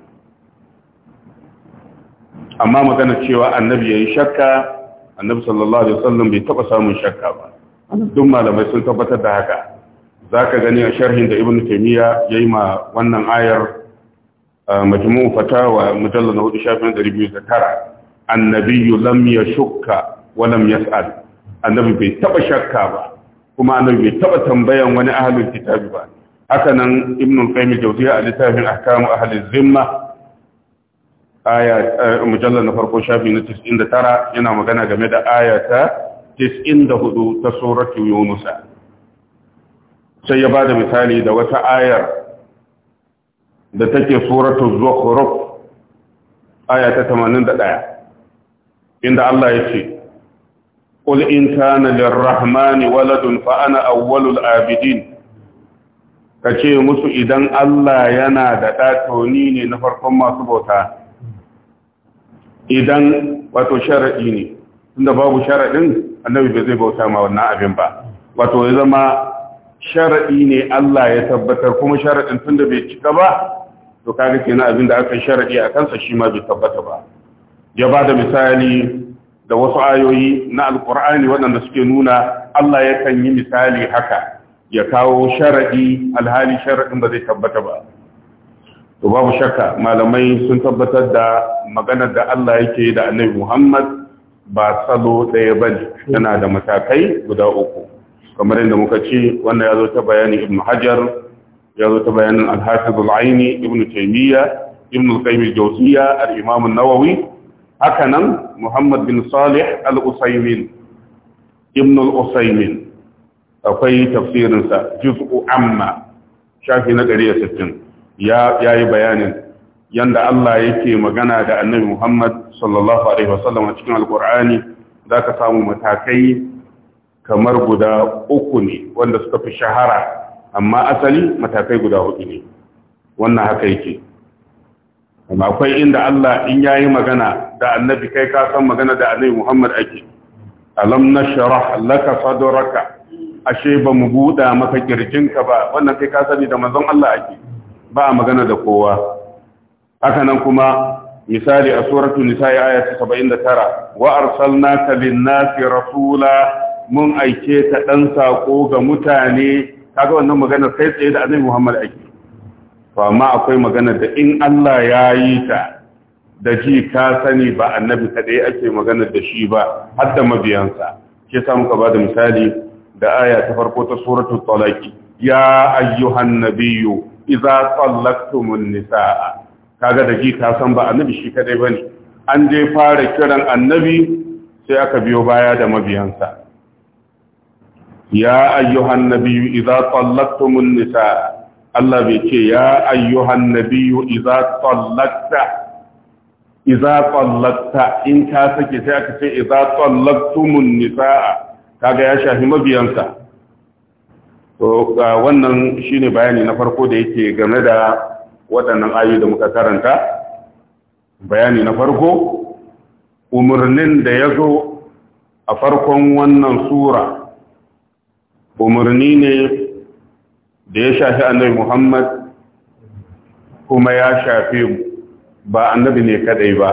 amma magana cewa annabi yayi shakka annabi sallallahu alaihi wasallam bai taba samun shakka ba duk malamai sun tabbatar da haka za ka gani a sharhin da ibn taimiyya ya yi ma wannan ayar majmu wa mujallar na hudu shafin dari biyu da tara annabiyu lam ya shukka wa lam sa'ad annabi bai taba shakka ba kuma annabi bai taba tambayan wani ahalin kitabi ba haka nan ibn qayyim jawziya a littafin ahkamu ahli zimma aya eh, mujallar na farko shafi na 99 yana magana game da ayata 94 ta suratu yunusa sai ya ba da misali da wata ayar da take suratu zukhruf aya ta 81 inda Allah ya ce qul in kana lirrahmani waladun fa ana awwalul abidin kace musu idan Allah yana da da ne na farkon masu bauta idan wato shar'i ne tunda babu sharaɗin annabi bai zai bauta ma wannan abin ba wato ya zama sharaɗi ne Allah ya tabbatar kuma sharaɗin tunda bai cika ba to kaga kenan abin da aka sharaɗi a kansa shi ma bai tabbata ba ya ba da misali da wasu ayoyi na alkur'ani waɗanda suke nuna Allah yakan yi misali haka ya kawo sharaɗi alhali sharaɗin ba zai tabbata ba to babu shakka malamai sun tabbatar da maganar da Allah yake da annabi Muhammad ba salo ɗaya ba yana da matakai guda uku kamar yadda muka ce wannan ya zo ta bayanin ibn hajar ya zo ta bayanin alhafiz al'aini ibn taimiyya ibn al-qayyim al al-imam nawawi haka nan muhammad bin salih al usaimin ibn al akwai tafsirinsa juz'u amma shafi na 160 ya yi bayanin yanda Allah yake magana da annabi Muhammad sallallahu alaihi wasallam a cikin za ka samu matakai kamar guda uku ne wanda suka fi shahara amma asali matakai guda uku ne wannan haka yake amma akwai inda Allah in yayi magana da annabi kai ka san magana da annabi Muhammad ake alam nashrah laka sadraka ashe ba mu buda maka kirjinka ba wannan kai ka sani da manzon Allah ake ba magana da kowa haka nan kuma misali a suratul nisa aya ta 79 wa arsalnaka lin-nasi rasula mun aike ta dan sako ga mutane kaga wannan magana sai tsaye da annabi Muhammad ake to amma akwai magana da in Allah ya yi ta da ji ka sani ba annabi kadai ake magana da shi ba har da mabiyansa ke sa muka ba da misali da aya ta farko ta suratul talaqi ya ayyuhan nabiyyu idza tallaqtumun nisaa kaga da ji ka san ba annabi shi kadai ne. an dai fara kiran annabi sai aka biyo baya da mabiyansa ya ayyuhan nabiyyu idza tallaqtumun nisa Allah bai ce ya ayyuhan nabiyyu idza tallaqta idza tallaqta in ka sake sai aka ce idza tallaqtumun nisa kaga ya shafi mabiyansa to wannan shine bayani na farko da yake game da waɗannan ayu da muka karanta bayani na farko umarnin da ya zo a farkon wannan sura umarni ne da ya shafi annabi Muhammad kuma ya shafi ba annabi ne kadai ba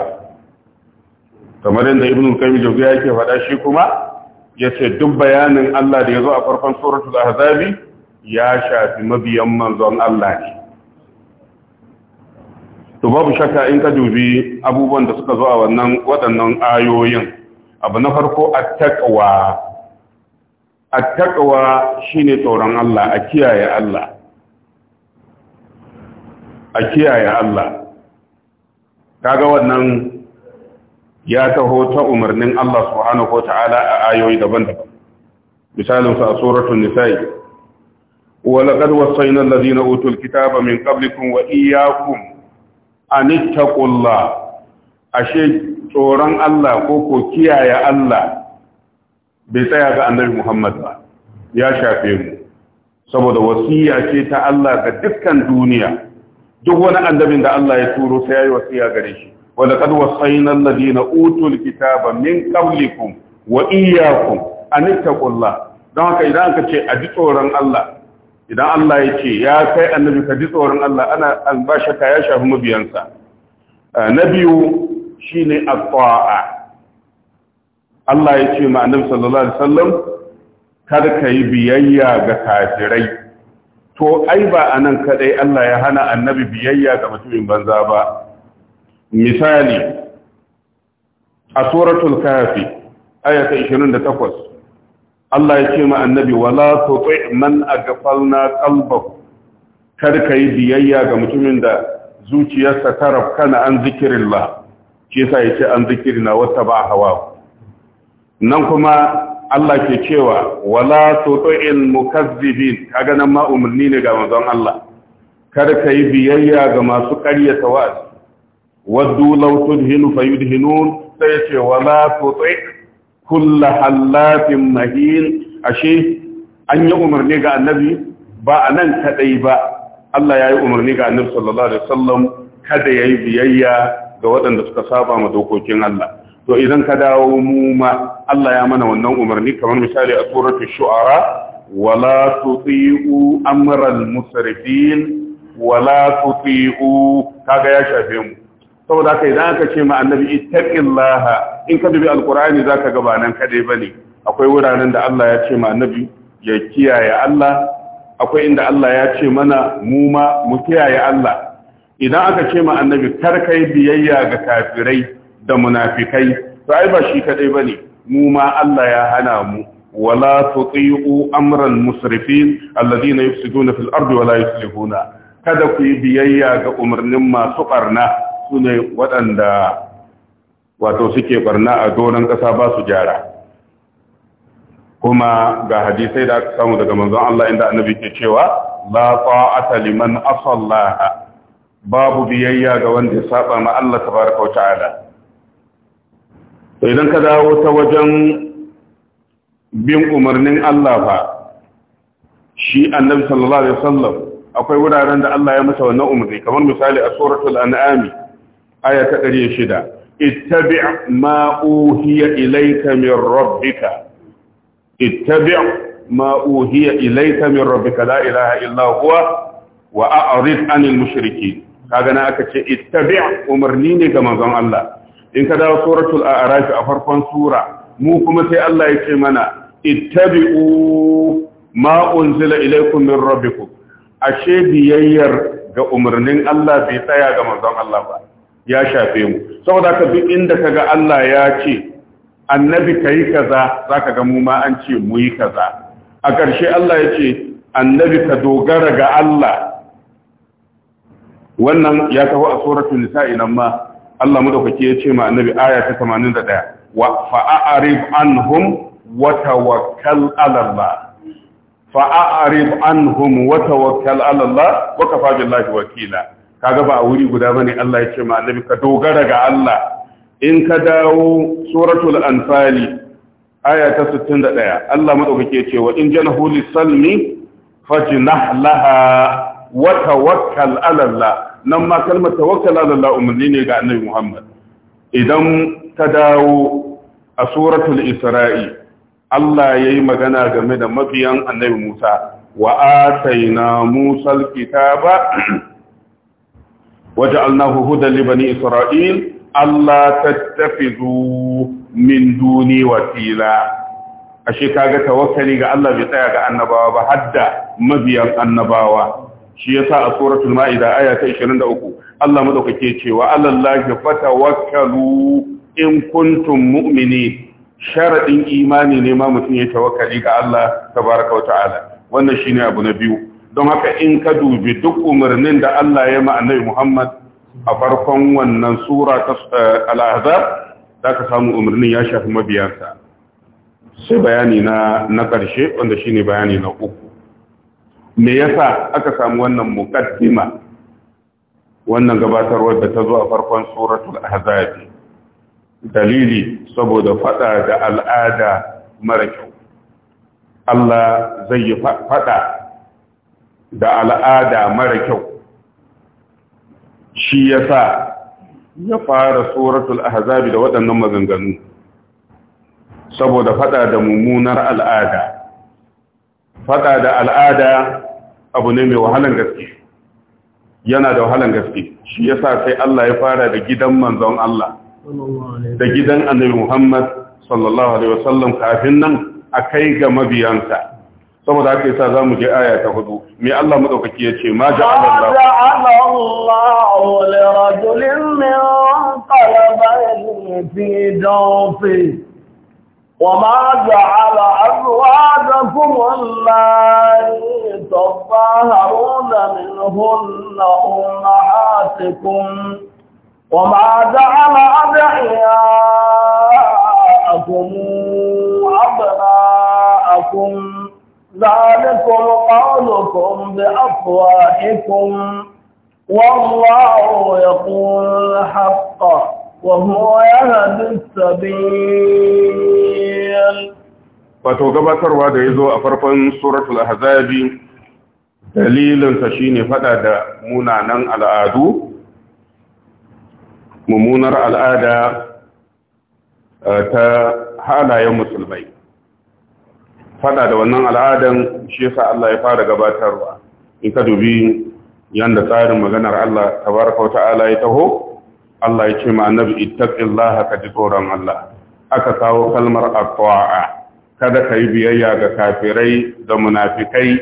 kamar yadda ibn qayyim ya ke faɗa shi kuma ya ce duk bayanin Allah da ya zo a farkon suratul ahzabi ya shafi mabiyan manzon Allah ne to babu shakka in ka dubi abubuwan da suka zo a wannan waɗannan ayoyin abu na farko attaqwa attaqwa shine tsoron Allah a kiyaye Allah a kiyaye Allah kaga wannan ya taho ta umarnin Allah subhanahu wataala a ayoyi daban-daban misalin sa suratul nisa'i wa laqad wasayna alladhina utul kitaba min qablikum wa iyyakum nitakulla ashe tsoron Allah ko ko kiyaye Allah bai tsaya ga annabi Muhammad ba ya shafe mu saboda wasiya ce ta Allah ga dukkan duniya duk wani annabin da Allah ya turo sai yayi wasiya gare shi wala qad wasayna alladhina utul kitaba min qablikum wa iyyakum anittaqullah don haka idan aka ce a ji tsoron Allah idan Allah ya ce ya kai annabi ka ji tsoron Allah ana an ba shakka ya shafi mabiyansa eh, na biyu shine at-ta'a Allah ya ce ma annabi sallallahu alaihi wasallam kada ka yi biyayya ga kafirai to ai ba nan kadai Allah ya hana annabi biyayya ga mutumin banza ba misali a suratul kafi ayata 28 Allah ya ce ma annabi wala tuti man aghfalna qalbahu kar yi biyayya ga mutumin da zuciyarsa ta rafkana an zikirillah shi yasa yace an zikirina wata ba hawa nan kuma Allah ke cewa wala tuti mukazzibin kaga nan ma umarni ne ga manzon Allah kar yi biyayya ga masu ƙaryata wa'azi waddu law tudhinu fayudhinun sai ce wala tuti kulla hallafin mahin ashe an yi umarni ga annabi ba a nan kadai ba Allah ya yi umarni ga annabi sallallahu alaihi wasallam kada ya yi biyayya ga waɗanda suka saba ma dokokin Allah to idan ka dawo mu ma Allah ya mana wannan umarni kamar misali a suratul shu'ara wala tuti'u amral musrifin wala tuti'u kaga ya shafe mu saboda haka idan aka ce ma annabi ittaqillaha in ka dubi alqur'ani zaka ga ba nan kadai bane akwai wuraren da Allah ya ce ma annabi ya kiyaye Allah akwai inda Allah ya ce mana mu ma mu kiyaye Allah idan aka ce ma annabi kar kai biyayya ga kafirai da munafikai to ai ba shi kadai bane mu ma Allah ya hana mu wala tuti'u amran musrifin alladhina yufsiduna fil ardi wala yuslihuna kada ku yi biyayya ga umarnin masu barna su ne waɗanda wato suke barna a doron ƙasa ba su gyara kuma ga hadisai da aka samu daga manzon Allah inda annabi ke cewa la ta'ata liman asallaha babu biyayya ga wanda ya saba ma Allah tabaraka wa ta'ala to idan ka dawo ta wajen bin umarnin Allah fa shi annabi sallallahu alaihi wasallam akwai wuraren da Allah ya masa wannan umarni kamar misali a suratul an'ami aya ta 106 ittabi ma uhiya ilaika min rabbika ittabi ma uhiya ilaika min rabbika la ilaha illa huwa wa a'rid anil mushiriki. kaga na aka ce ittabi umarni ne ga manzon Allah in ka dawo suratul a'raf a farkon sura mu kuma sai Allah ya ce mana ittabi'u ma unzila ilaykum min rabbikum ashe biyayyar ga umarnin Allah bai tsaya ga manzon Allah ba ya shafe mu saboda ka duk inda kaga Allah ya ce annabi kai kaza zaka ga mu ma an ce mu yi kaza a ƙarshe Allah ya ce annabi ka dogara ga Allah wannan ya taho a suratul nisa'i nan ma Allah madaukake ya ce ma annabi aya ta 81 wa fa'arif anhum wa tawakkal ala Allah fa'arif anhum wa tawakkal ala Allah wa kafa billahi wakila kaga ba a wuri guda bane Allah ya ce ma annabi ka dogara ga Allah in ka dawo suratul anfali aya ta 61 Allah madaukake ce wa in janahu lisalmi fajnah laha wa tawakkal ala Allah nan ma kalmar tawakkal ala Allah umarni ne ga annabi Muhammad idan ka dawo a suratul isra'i Allah yayi magana game da mabiyan annabi Musa wa musal kita ba. waja'alnahu hudan li bani isra'il Allah tattafizu min duni wasila ashe kaga tawakkali ga Allah bai tsaya ga annabawa ba hadda mabiyan annabawa shi yasa a suratul ma'ida aya ta 23 Allah madaukake cewa alallahi fatawakkalu in kuntum mumini sharadin imani ne ma mutum ya tawakkali ga Allah tabaaraka wa ta'ala wannan shine abu na biyu don haka in ka dubi duk umarnin da Allah ya ma'a'nai Muhammad a farkon wannan sura ta eh, za ka samu umarnin ya shafi mabiyansa sai bayani na ƙarshe wanda shine bayani na uku me yasa aka samu wannan muƙaddima wannan gabatarwar da ta zo a farkon suratul ahzab dalili saboda fada da al'ada mara kyau Allah zai yi fada da al'ada mara kyau shi yasa ya fara suratul ahazabi da waɗannan maganganu saboda fada da mummunar al'ada fada da al'ada abu ne mai wahalan gaske yana da wahalan gaske shi yasa sai Allah ya fara da gidan manzon Allah da gidan annabi Muhammad sallallahu alaihi wasallam kafin nan a kai ga mabiyansa saboda haka yasa zamu je aya ta hudu me Allah madaukaki ya ce ma ja'ala Allah li rajulin min qalbayn fi وما جعل أزواجكم الله تظاهرون منهن أمهاتكم وما جعل أدعياءكم أبناءكم ذلكم قولكم بأفواهكم والله يقول الحق وهو يهدي السبيل wato gabatarwa da ya zo a farkon suratul ahzabi dalilinsa shine faɗa da munanan al'adu mummunar al'ada eh, ta halayen musulmai fada da wannan al'adan shi yasa Allah ya fara gabatarwa in ka dubi yanda tsarin maganar Allah tabaraka wa ta'ala ya taho Allah ya ce ma annabi ittaqillaha ka ji tsoron Allah aka kawo kalmar at-ta'a kada ka yi biyayya ga kafirai da munafikai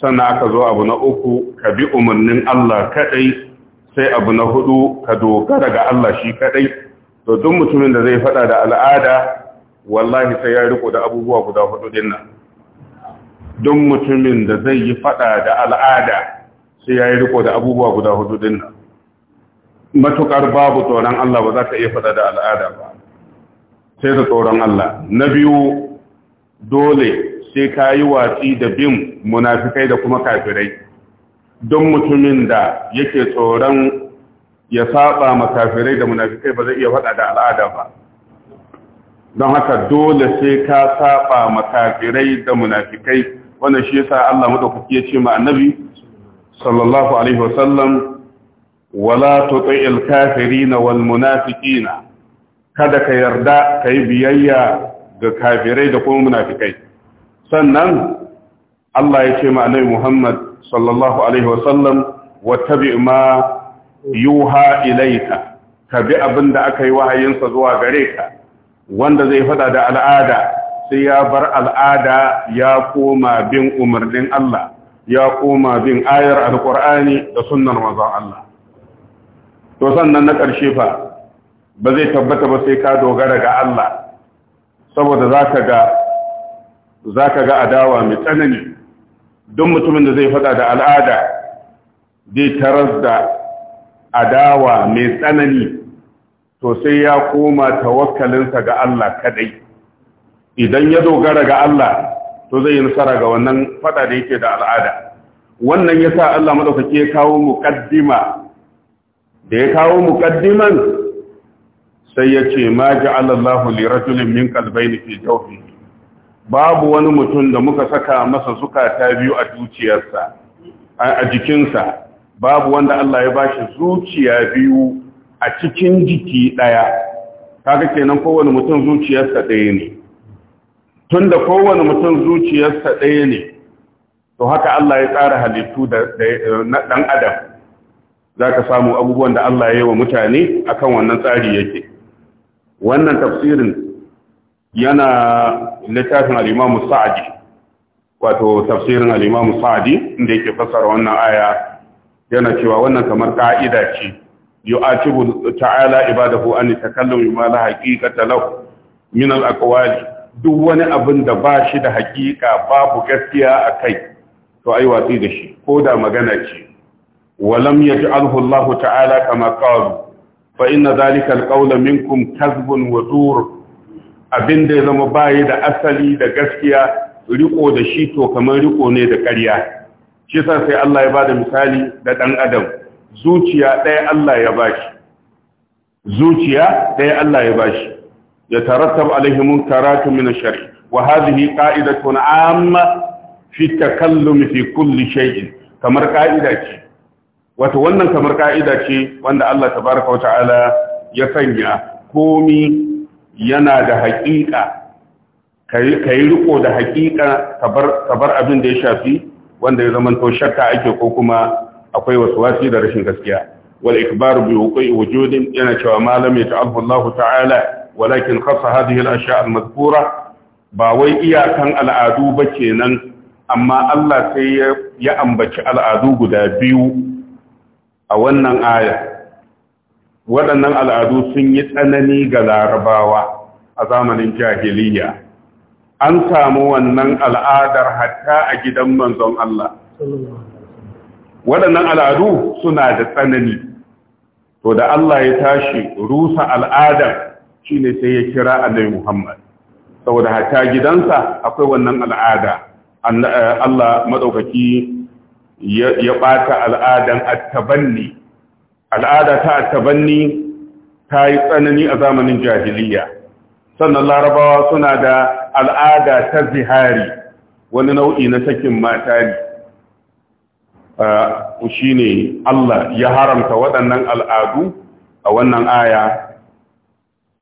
sannan aka zo abu na uku ka bi umarnin Allah kadai sai abu na hudu ka dogara ga Allah shi kadai to duk mutumin da zai fada da al'ada wallahi sai ya riko da abubuwa guda hudu din nan don mutumin da zai yi fada da al'ada sai ya riko da abubuwa guda hudu din nan matukar babu tsoron Allah ba za ka iya fada da al'ada ba sai da tsoron Allah na biyu dole sai ka yi watsi da bin munafikai da kuma kafirai don mutumin da yake tsoron ya saba makafirai da munafikai ba zai iya fada da al'ada ba don haka dole sai ka saba makafirai da munafikai wannan shi yasa Allah madaukaki ya ce ma annabi sallallahu alaihi wasallam wala tuti'il kafirina wal munafiqina kada ka yarda kai biyayya ga kafirai da kuma munafikai sannan Allah ya ce ma annabi Muhammad sallallahu alaihi wasallam wattabi ma yuha ilayka ka bi abinda aka yi wahayinsa zuwa gare ka wanda zai fada da al'ada sai ya bar al'ada ya koma bin umarnin Allah ya koma bin ayar alqur'ani da sunnar manzon Allah to sannan na ƙarshe fa ba zai tabbata ba sai ka dogara ga Allah saboda zaka ga zaka ga adawa mai tsanani duk mutumin da zai fada da al'ada zai taras da adawa mai tsanani to sai ya koma tawakkalinsa ga Allah kadai idan ya dogara ga Allah to zai yi nasara ga wannan fada da yake da al'ada wannan yasa Allah madaukake ya kawo muqaddima da ya kawo muqaddiman sai ya ce ma ja'ala Allahu li rajulin min qalbayni fi jawfihi babu wani mutum da muka saka masa zukata biyu a zuciyarsa a jikinsa babu wanda Allah ya bashi zuciya biyu a cikin jiki ɗaya kaga kenan kowane mutum zuciyarsa ɗaya ne tun da kowane mutum zuciyarsa ɗaya ne to haka Allah ya tsara halittu na ɗan adam za ka samu abubuwan da Allah ya yi wa mutane akan wannan tsari yake wannan tafsirin yana littafin al'imamu sa'adi wato tafsirin al'imamu sa'adi inda yake fasara wannan aya yana cewa wannan kamar ka'ida ce yu'atibu ta'ala ibadahu an takallum ma la haqiqata lahu min al-aqwali duk wani abin da ba shi da haqiqa babu gaskiya a kai to ai watsi da shi ko da magana ce walam yaj'alhu Allah ta'ala kama qalu fa inna dhalika al-qawla minkum kadhbun abin da ya zama baya da asali da gaskiya riko da shi to kamar riko ne da ƙarya shi sa sai Allah ya bada misali da ɗan adam zuciya ɗaya Allah ya bashi zuciya ɗaya Allah ya shi ya tarattab alaihi munkaratu min ash-shari wa hadhihi qa'idatun 'amma fi takallum fi kulli shay'in kamar ka'ida ce wato wannan kamar ka'ida ce wanda Allah tabaraka wa ta'ala ya sanya komi yana da haƙiƙa kai riko da haƙiƙa kabar abin da ya shafi wanda ya zamanto shakka ake ko kuma akwai waswasi da rashin gaskiya wal ikbaru bi wuqi wujudin yana cewa malam ya Allah ta'ala walakin khassa hadhihi al ashya' al madhkura ba wai iyakan al'adu ba kenan amma Allah sai ya ambaci al'adu guda biyu a wannan aya waɗannan al'adu sun yi tsanani ga larabawa a zamanin jahiliya an samu wannan al'adar hatta a gidan manzon Allah waɗannan al'adu suna da tsanani to da Allah ya tashi rusa al'adar shine sai ya kira annabi Muhammad saboda hata gidansa akwai wannan al'ada eh, Allah maɗaukaki ya ɓata al'adan attabanni al'ada ta attabanni ta yi tsanani a zamanin jahiliya sannan larabawa suna da al'ada ta zihari wani nau'i na sakin mata ne Uh, shi ne Allah ya haramta waɗannan al'adu a wannan aya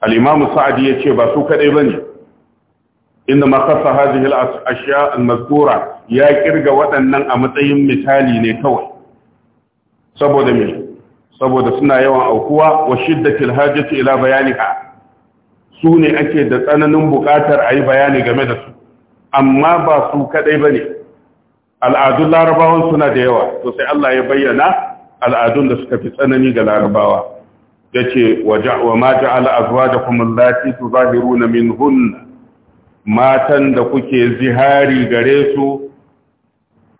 al'imamu sa'adi ya ce ba su kaɗai ba ne inda makasa hajjihil ashiya al-mazkura ya kirga waɗannan a matsayin misali ne kawai saboda mai saboda suna yawan aukuwa wa shiddatil hajjati ila bayanika su ne ake da tsananin buƙatar a yi bayani game da su amma ba su kaɗai ba ne al'adun larabawan suna da yawa to sai Allah ya bayyana al'adun da suka fi tsanani ga larabawa yace wa ma ja'ala azwajakum allati tuzahiruna minhun matan da kuke zihari gare su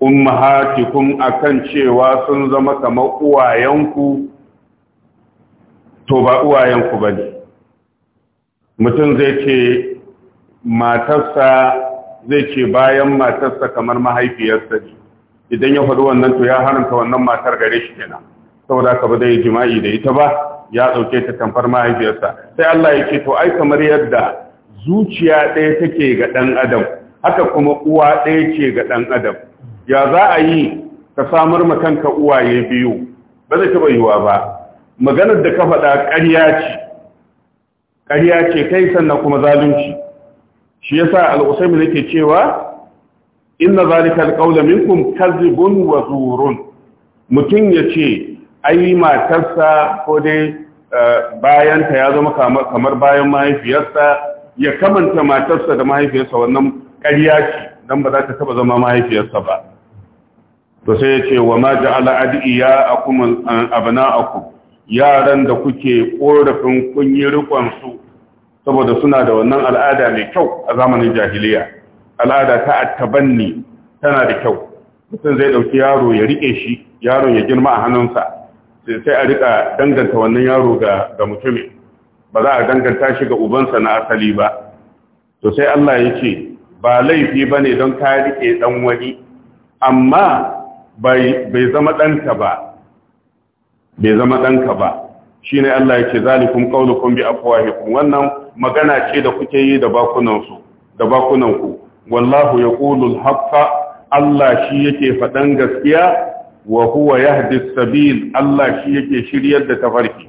ummahatikum akan cewa sun zama kamar uwayenku to ba uwayenku bane mutum zai ce matarsa zai ce bayan matarsa kamar mahaifiyarsa ne idan ya faɗi wannan to ya haramta wannan matar gare shi kenan saboda ka ba zai jima'i da ita ba ya ɗauke ta tamfar mahaifiyarsa sai Allah ya ce to ai kamar yadda zuciya ɗaya take ga ɗan adam haka kuma uwa ɗaya ce ga ɗan adam ya za a yi ka samar ma kanka uwaye biyu ba zai taɓa yiwuwa ba maganar da ka faɗa ƙarya ce ƙarya ce kai sannan kuma zalunci shi yasa al-usaymi yake cewa inna zalika al-qawla minkum kadhibun wa zurun mutun yace ai matarsa ko dai eh, bayanta ya zama kamar bayan mahaifiyarsa ya kamanta matarsa da mahaifiyarsa wannan ƙarya ce dan ba za ta taba zama mahaifiyarsa ba to sai yace wa ma ja'ala adiya akum eh, abna'akum yaran da kuke korafin kun yi rikon su saboda suna da wannan al'ada mai kyau a zamanin jahiliya al'ada ta attabanni tana da kyau mutum zai ɗauki yaro ya rike shi yaro ya girma a hannunsa sai a rika danganta wannan yaro ga ga ba za a danganta shi ga ubansa na asali ba to sai Allah ya ce ba laifi ba ne don ka rike dan wani amma bai zama ɗanka ba bai zama ɗanka ba shi ne Allah ya ce zalikun ƙaunukun bi afuwahikum wannan magana ce da kuke yi da bakunansu da bakunanku wallahu ya al-haqqa Allah shi yake faɗan gaskiya wa huwa yahdi sabil Allah shi yake shiryar da tafarki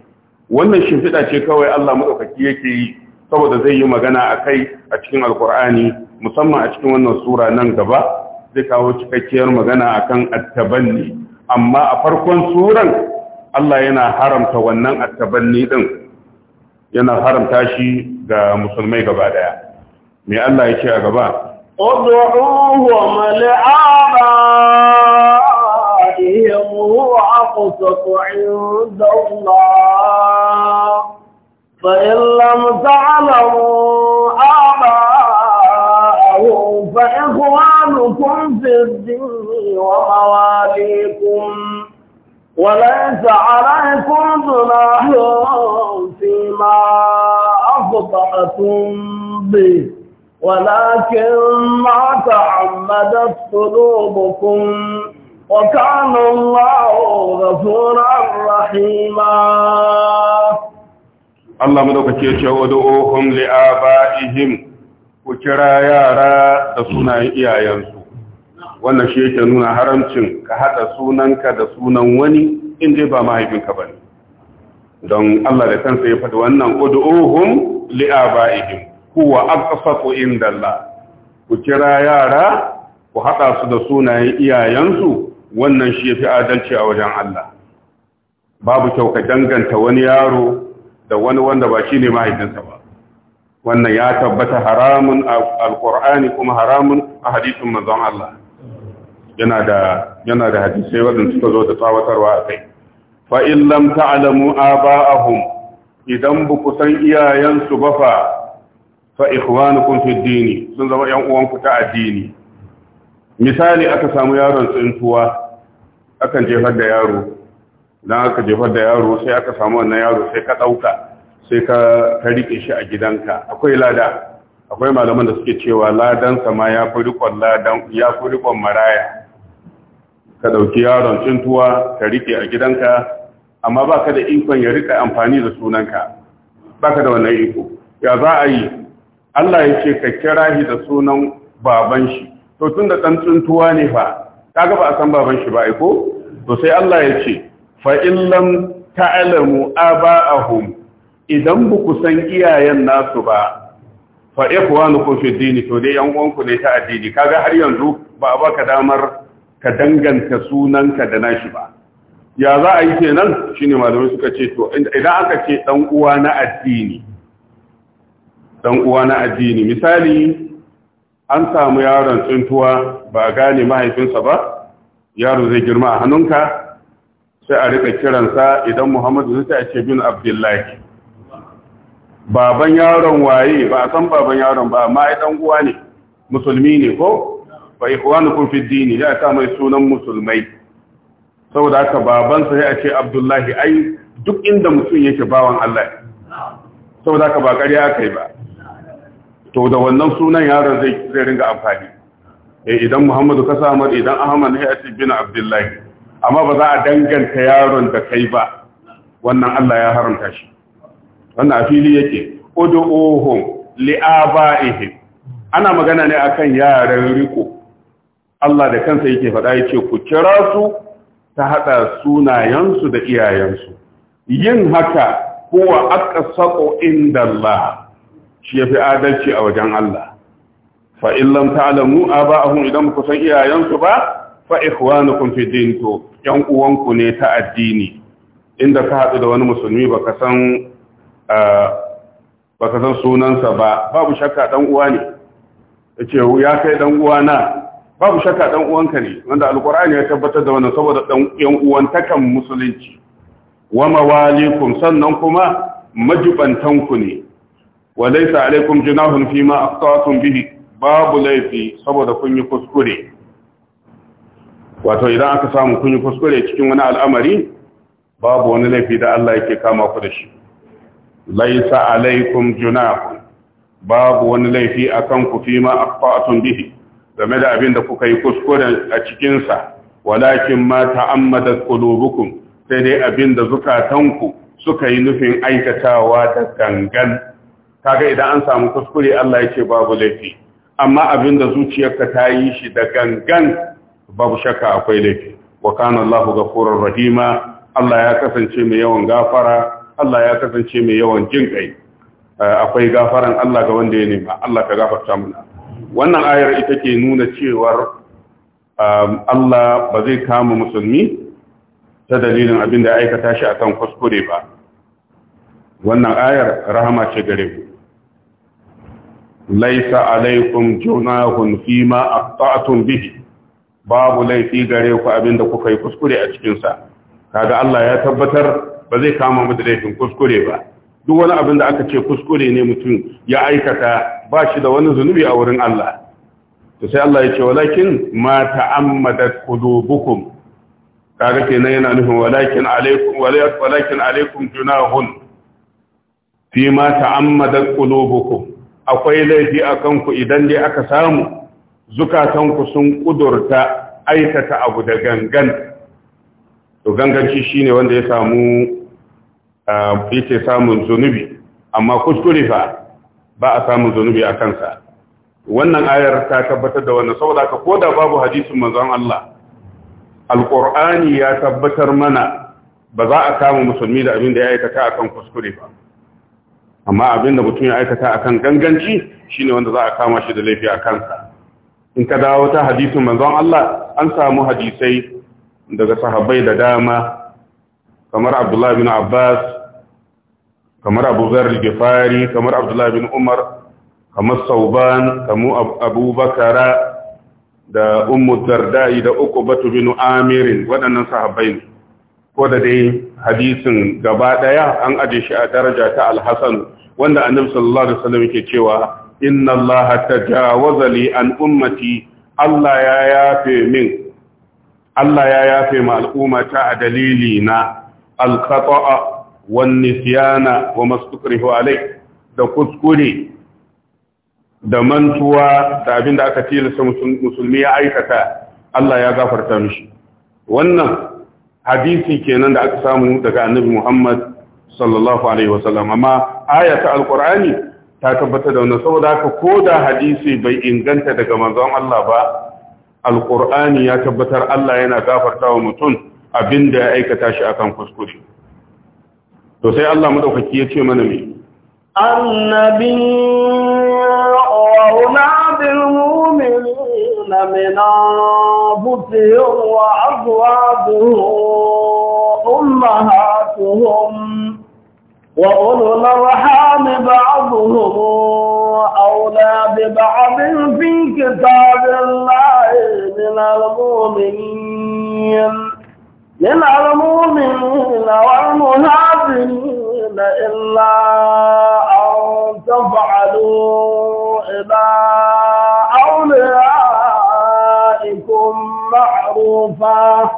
wannan shimfiɗa ce kawai Allah madaukaki yake yi saboda zai yi magana akai a cikin alkur'ani musamman a cikin wannan sura nan gaba zai kawo cikakkiyar magana akan attabanni amma a farkon suran Allah yana haramta wannan attabanni din yana haramta shi ga musulmai gaba daya me Allah ce a gaba ud'uhum li'abaihim huwa aqsatu 'inda Allah fa in lam din wa وليس عليكم جناح فيما مقطعة به ولكن ما تعمدت قلوبكم وكان الله غفورا رحيما Allah madaukake ya ce wadu'uhum li'aba'ihim ku kira yara da sunayen iyayensu wannan shi yake nuna haramcin ka hada sunanka da sunan wani in ba mahaifinka bane don Allah da kansa ya faɗi wannan wadu'uhum li'aba'ihim huwa aqsatu inda Allah ku kira yara ku hada su da sunayen iyayensu wannan shi yafi adalci a wajen Allah babu kyau ka danganta wani yaro da wani wanda ba ne mahaifinsa ba wannan ya tabbata haramun alqur'ani kuma haramun a hadisin manzon Allah yana da yana da hadisi wanda suka zo da tsawatarwa akai fa in lam ta'lamu aba'ahum idan ba ku san iyayensu ba fa fa ikhwanukum fi dini sun zama yan uwanku ta addini misali aka samu yaron tsintuwa akan jefar da yaro idan aka jefar da yaro sai aka samu wannan yaro sai ka dauka sai ka ka rike shi a gidanka akwai lada akwai malaman da suke cewa ladan sama ya fi rikon ladan ya fi rikon maraya ka dauki yaron tsintuwa ka rike a gidanka amma ba ka da ikon ya rika amfani da sunanka ba ka da wannan iko ya za a yi Allah ya ce ka kira shi da sunan baban shi to tun da ɗan tuntuwa ne fa kaga ba a san baban shi ba aiko to sai Allah ya ce fa in lam ta'lamu aba'ahum idan ba ku san iyayen nasu ba fa ikwanukum fi dini to dai yan uwanku ne ta addini kaga har yanzu ba a baka damar ka danganta sunanka da nashi ba ya za a yi kenan shine malamai suka ce to idan aka ce dan uwa na addini dan uwa na addini misali an samu yaron tsintuwa ba a gane mahaifinsa ba yaro zai girma a hannunka sai a rika kiransa idan Muhammadu zai ta ce bin Abdullahi baban yaron waye ba a san baban yaron ba amma ai dan uwa ne musulmi ne ko fa ikhwanukum fi dini ya ta mai sunan musulmai saboda haka babansa ya ce abdullahi ai duk inda mutum yake bawan Allah saboda haka ba ƙarya aka yi ba to da wannan sunan yaron zai ringa amfani eh, idan muhammadu ka samar idan ahmad ya ce bin abdullahi amma ba za a danganta yaron da kai ba wannan Allah ya haramta shi wannan a fili yake ud'uhum li'aba'ihim ana magana ne akan yaran riko Allah da kansa yake faɗa yake ku kira su ta haɗa sunayensu da iyayensu yin haka kowa aka sako inda Allah shi yafi adalci a wajen Allah fa a ba ta'lamu aba'ahum idan ku san iyayensu ba fa ikhwanukum fi din yan uwanku ne ta addini inda ka haɗu da wani musulmi baka san san sunansa ba babu shakka dan uwa ne yace ya kai dan uwa na babu shakka dan uwanka ne wanda alqur'ani ya tabbatar da wannan saboda dan yan uwantakan musulunci wa mawalikum sannan kuma ku ne wa laysa alaikum junahun fima aqtatum bihi babu laifi saboda kun yi kuskure wato idan aka samu kun yi kuskure cikin wani al'amari babu wani laifi da Allah yake kama ku da shi laysa alaikum junahun babu wani laifi akan ku fima aqtatum bihi game da abin da kuka yi kuskure a cikinsa walakin ma ta'ammada qulubukum sai dai abin da zukatanku suka yi nufin aikatawa da gangan kaga idan an samu kuskure Allah ya babu laifi amma abin da zuciyarka ta yi shi da gangan babu shakka akwai laifi wa kana Allahu ghafurur rahima Allah ya kasance mai yawan gafara Allah ya kasance mai yawan jin kai akwai gafaran Allah ga wanda ya nema Allah ka gafarta mana wannan ayar ita ke nuna cewar um, Allah ba zai kama musulmi ta dalilin abin da aikata shi a kan kuskure ba wannan ayar rahama ce gare ku laisa alaikum junahun fima aqta'tum bihi babu laifi gare ku abin da kuka yi kuskure a cikin sa kaga Allah ya tabbatar ba zai kama mu laifin kuskure ba duk wani abin da aka ce kuskure ne mutum ya aikata ba shi da wani zunubi a wurin Allah to sai Allah ya ce walakin ma ta'ammadat qulubukum kaga kenan yana nufin walakin alaikum walakin alaikum junahun fi ma ta'ammadat qulubukum akwai laifi a ku idan dai aka samu zukatanku sun kudurta aikata abu da gangan to ganganci shine wanda ya samu Um, yake samun zunubi amma kuskure fa ba a samun zunubi a kansa wannan ayar ta tabbatar da wannan saboda ka koda babu hadisin manzon Allah alqur'ani ya tabbatar mana ba za a kama musulmi da abin da ya aikata akan kuskure ba amma abin da mutum ya aikata akan ganganci shine wanda za a kama shi da laifi a kansa in ka dawo ta hadisin manzon Allah an samu hadisai daga sahabbai da dama kamar abdullahi bin abbas kamar abubuwar gifari kamar abdullahi bin umar kamar sauban kamar abubakara da ummu dardai da uku batu bin amirin waɗannan sahabbai ne ko da dai hadisin gaba ɗaya an aje shi a daraja ta alhassan wanda annabi sallallahu alaihi wasallam yake cewa inna Allah tajawaza li an ummati Allah ya yafe min Allah ya yafe ma ta a dalili na alkhata'a wan nisyana wa mastukrihu alai da kuskure da mantuwa da abin da aka tilasta musulmi ya aikata Allah ya gafarta mishi wannan hadisi kenan da aka samu daga annabi Muhammad sallallahu alaihi sallam. amma ayata alqur'ani ta tabbatar da wannan saboda haka da hadisi bai inganta daga manzon Allah ba alqur'ani ya tabbatar Allah yana gafartawa mutum abinda ya aikata shi akan kuskure to sai Allah madaukaki ya ce mana me annabi wa'una bil mu'minina min anfusihim wa azwajuhum ummahatuhum وأولو الأرحام بعضهم أولى ببعض في كتاب الله من المؤمنين المؤمنين والمهاجرين إلا أن تفعلوا إلى أوليائكم معروفا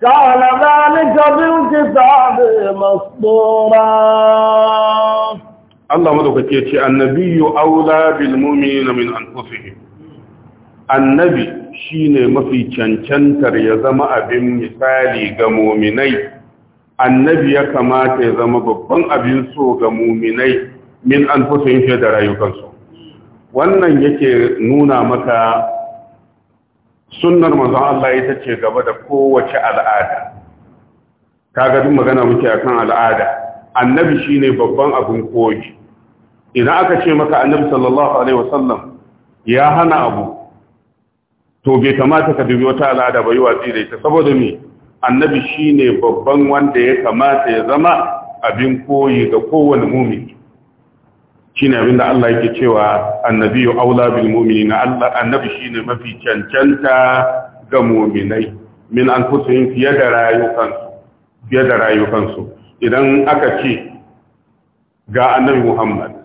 كان ذلك بالكتاب مسطورا الله يا النبي أولى بالمؤمنين من أنفسهم annabi shine mafi cancantar ya zama abin misali ga muminai annabi ya kamata ya zama babban abin so ga muminai min an fusun shi da rayukansu wannan yake nuna maka sunnar manzon Allah ita ce gaba da kowace al'ada kaga duk magana muke akan al'ada annabi shine babban abin koyi idan aka ce maka annabi sallallahu alaihi wasallam ya hana abu to bai kamata ka dubi wata al'ada ba yi watsi da ita saboda me annabi shine babban wanda ya kamata ya zama abin koyi ga kowane mumini shine abin da Allah yake cewa annabi aula bil mu'minina Allah annabi shine mafi cancanta ga mu'minai min an kusa yin rayukansu fiye da rayukansu idan aka ce ga annabi Muhammad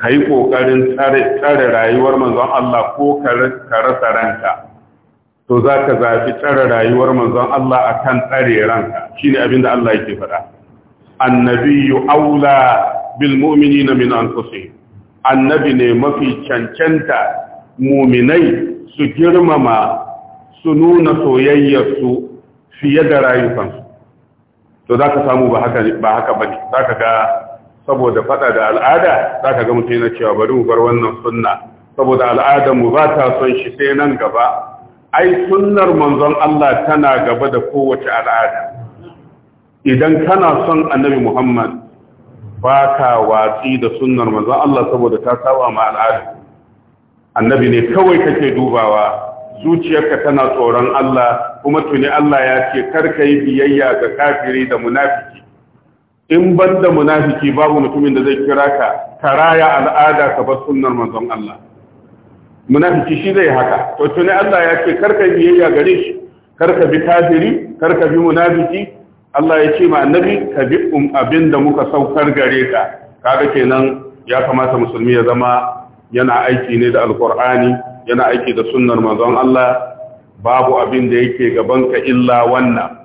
ka yi ƙoƙarin tsare rayuwar manzon Allah ko ka rasa ranka to za ka zafi tsare rayuwar manzon Allah a kan tsare ranka shi ne abin da Allah yake faɗa annabi aula bil na min annabi ne mafi cancanta muminai su girmama su nuna soyayyarsu fiye da rayukansu to za ka samu ba haka ba ne za ka ga saboda fada da al'ada zaka ga mutum yana cewa bari mu bar wannan sunna saboda al'adar mu ba ta son shi sai nan gaba ai sunnar manzon Allah tana gaba da kowace al'ada idan kana son annabi Muhammad ba ka watsi da sunnar manzon Allah saboda ta saba ma al'ada annabi ne kawai kake dubawa zuciyarka tana tsoron Allah kuma tuni Allah ya ce karka yi biyayya ga kafiri da munafiki in ban da munafiki babu mutumin da zai kira ka karaya al'ada ka bar sunnar manzon Allah munafiki shi zai haka to tuni Allah ya ce karka yayya gare shi karka bi kafiri karka bi munafiki Allah ya ce ma annabi ka bi um abin da muka saukar gare ka kaga kenan ya kamata musulmi ya zama yana aiki ne da alqur'ani yana aiki da sunnar manzon Allah babu abin da yake gaban ka illa wannan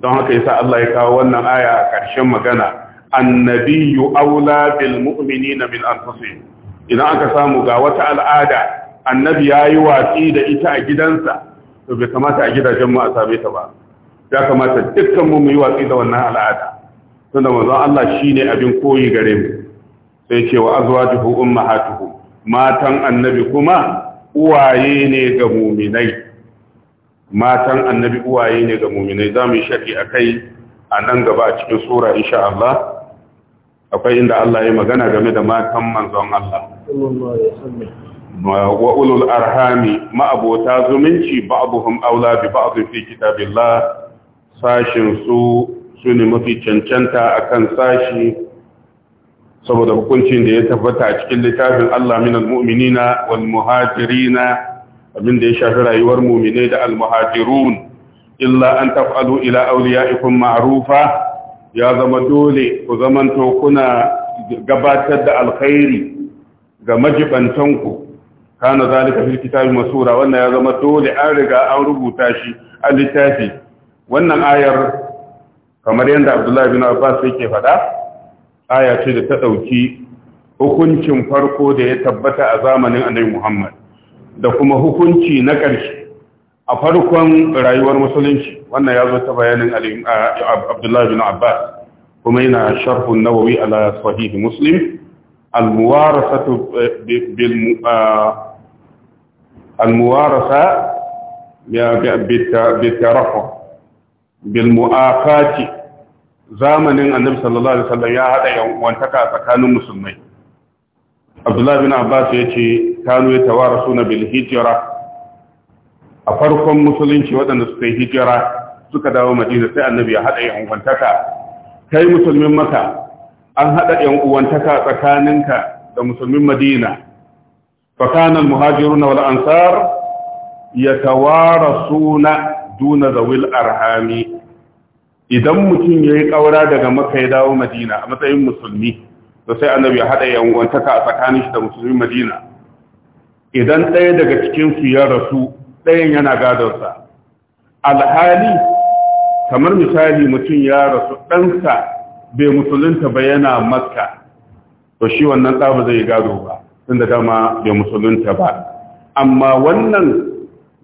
don haka yasa Allah ya kawo wannan aya a ƙarshen magana annabiyyu aula bil mu'minina min anfusihim idan aka samu ga wata al'ada annabi yayi watsi da ita a gidansa to bai kamata a gidajen mu a same ta ba ya kamata dukkan mu mu yi watsi da wannan al'ada tunda manzon Allah shine abin koyi gare mu sai ce wa azwajuhu ummahatuhu matan annabi kuma uwaye ne ga mu'minai matan annabi uwaye ne ga muminai za mu yi sharhi a kai a nan gaba a cikin sura insha Allah akwai inda Allah ya magana game da matan manzon Allah wa ulul arhami ma'abota zumunci ba'abuhum aula bi ba'dhin fi kitabillah sashin su sune mafi cancanta akan sashi saboda hukuncin da ya tabbata a cikin littafin Allah minal mu'minina wal muhajirina abin da ya shafi rayuwar mu'minai da almuhajirun illa an taf'alu ila awliyaikum ma'rufa ya zama dole ku zamanto kuna gabatar da alkhairi ga ku kana zalika fil kitabi masura wannan ya zama dole an riga an rubuta shi a littafi wannan ayar kamar yadda Abdullahi bin Abbas yake faɗa aya ce da ta ɗauki hukuncin farko da ya tabbata a zamanin Annabi Muhammad da kuma hukunci na ƙarshe a farkon rayuwar musulunci wannan ya zo ta bayanin abdullahi bin abbas kuma yana sharhun nawawi ala sahihi muslim almuwarasatu eh, bil almuwarasa bitarafa bil zamanin annabi sallallahu alaihi wasallam ya haɗa yan wantaka tsakanin musulmai abdullahi bin abbas ya ce kanu ya tawara suna bil hijira a farkon musulunci waɗanda suka yi hijira suka dawo madina sai annabi ya haɗa yan uwantaka kai musulmin maka an haɗa yan uwantaka tsakaninka da musulmin madina fakanan muhajiruna wal ansar ya tawara suna duna zawil arhami idan mutum ya yi ƙaura daga maka ya dawo madina a matsayin musulmi da sai annabi ya haɗa yanwantaka a tsakanin shi da musulmi madina idan ɗaya daga cikinsu ya rasu ɗayan yana gadonsa alhali kamar misali mutum ya rasu ɗansa bai musulunta ba yana makka to shi wannan ɗaba zai gado ba tun da dama bai musulunta ba amma wannan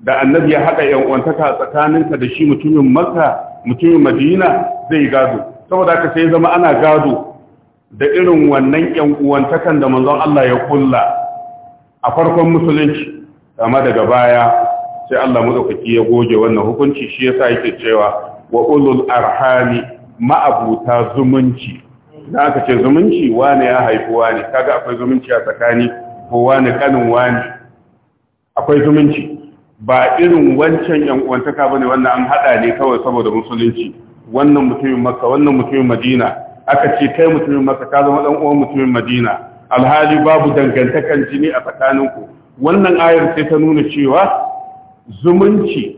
da annabi ya haɗa tsakanin tsakaninka da shi mutumin makka mutumin madina zai gado saboda ka sai zama ana gado da irin wannan ‘yan uwantakan da manzon Allah ya kulla a farkon musulunci, amma daga baya sai Allah matsakaki ya goge wannan hukunci shi yasa yake cewa wa ulul arhami ma'abuta zumunci. Da aka ce zumunci wani ya haifi wani kaga akwai zumunci a tsakani ko wani kanin wani akwai zumunci. Ba irin wancan ‘yan uwantaka bane wannan an haɗa ne kawai saboda musulunci, wannan mutumin Makka, wannan mutumin Madina, aka ce kai mutumin maka ta zama dan uwan mutumin madina alhali babu dangantakan jini a tsakaninku wannan ayar sai ta nuna cewa zumunci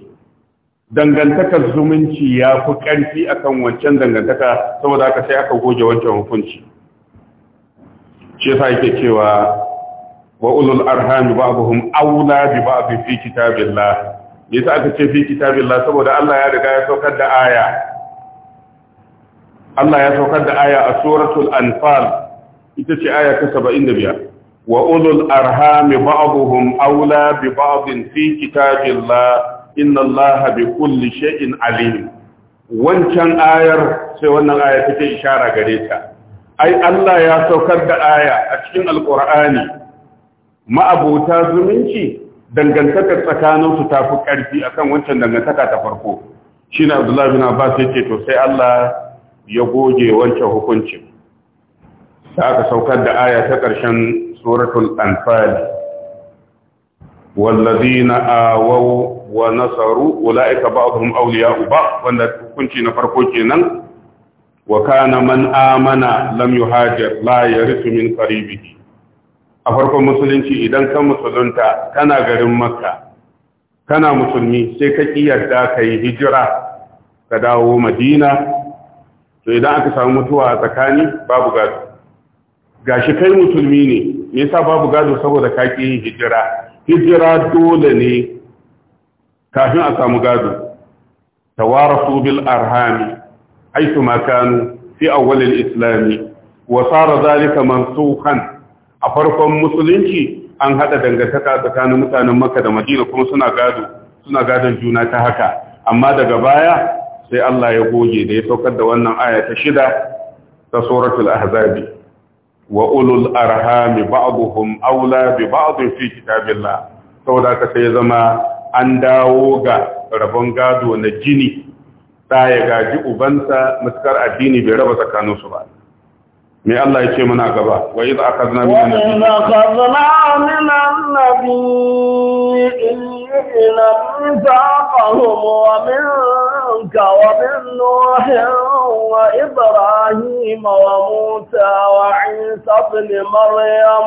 dangantakar zumunci ya fi ƙarfi akan wancan dangantaka saboda aka sai aka goge wancan hukunci ce sa yake cewa wa ulul arhami ba'dhum awla bi ba'd fi kitabillah yasa aka ce fi kitabillah saboda Allah ya riga ya saukar da aya Allah ya saukar da aya a suratul anfal ita ce aya ta 75 wa ulul arhami ba'dhum aula bi ba'dhin fi kitabillah inna Allah bi kulli shay'in alim wancan ayar sai wannan aya take ishara gare ta ai Allah ya saukar da aya a cikin alqur'ani ma'abota zumunci dangantakar tsakaninsu ta fi ƙarfi akan wancan dangantaka ta farko shine Abdullahi bin Abbas yake to sai Allah ya goge wancan hukuncin da aka saukar da aya ta ƙarshen suratul anfal wallazina awaw wa nasaru ulaika ba'dhum awliya'u ba wanda hukunci na farko kenan wa kana man amana lam yuhajir la yarithu min qaribihi a farkon musulunci idan ka musulunta kana garin makka kana musulmi sai ka kiyarda kai hijira ka dawo madina to idan aka samu mutuwa a tsakani babu gado gashi kai musulmi ne me yasa babu gado saboda ka ƙi yin hijira hijira dole ne kafin a samu gado tawarasu bil arhami aitu ma kanu fi awwal al wa sara zalika mansukhan a farkon musulunci an hada dangantaka tsakanin mutanen Makka da Madina kuma suna gado suna gadon juna ta haka amma daga baya sai Allah ya goge da ya saukar da wannan aya ta shida ta suratul ahzabi wa ulul arhami ba'dhum aula bi ba'd fi kitabillah saboda ka sai zama an dawo ga rabon gado na jini ta ya gaji ubansa muskar addini bai raba tsakaninsu ba me Allah ya ce mana gaba wa idh akhadna minan nabiyyi إلى ميثاقهم ومنك ومن نوح وإبراهيم وموسى وعيسى بن مريم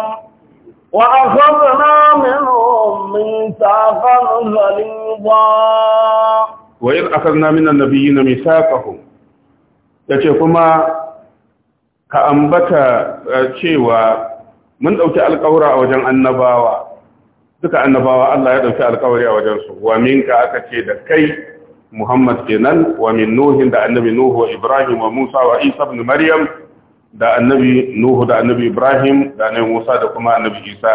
وأخذنا منهم ميثاقا غليظا وإذ أخذنا من النبيين ميثاقهم يتكما ka ambata cewa mun ɗauki alƙawura a wajen annabawa duka annabawa Allah ya ɗauki alkawari a wajensu wa minka aka ce da kai Muhammad kenan wa min nuhin da annabi nuhu wa ibrahim wa musa wa isa ibn maryam da annabi nuhu da annabi ibrahim da annabi musa da kuma annabi isa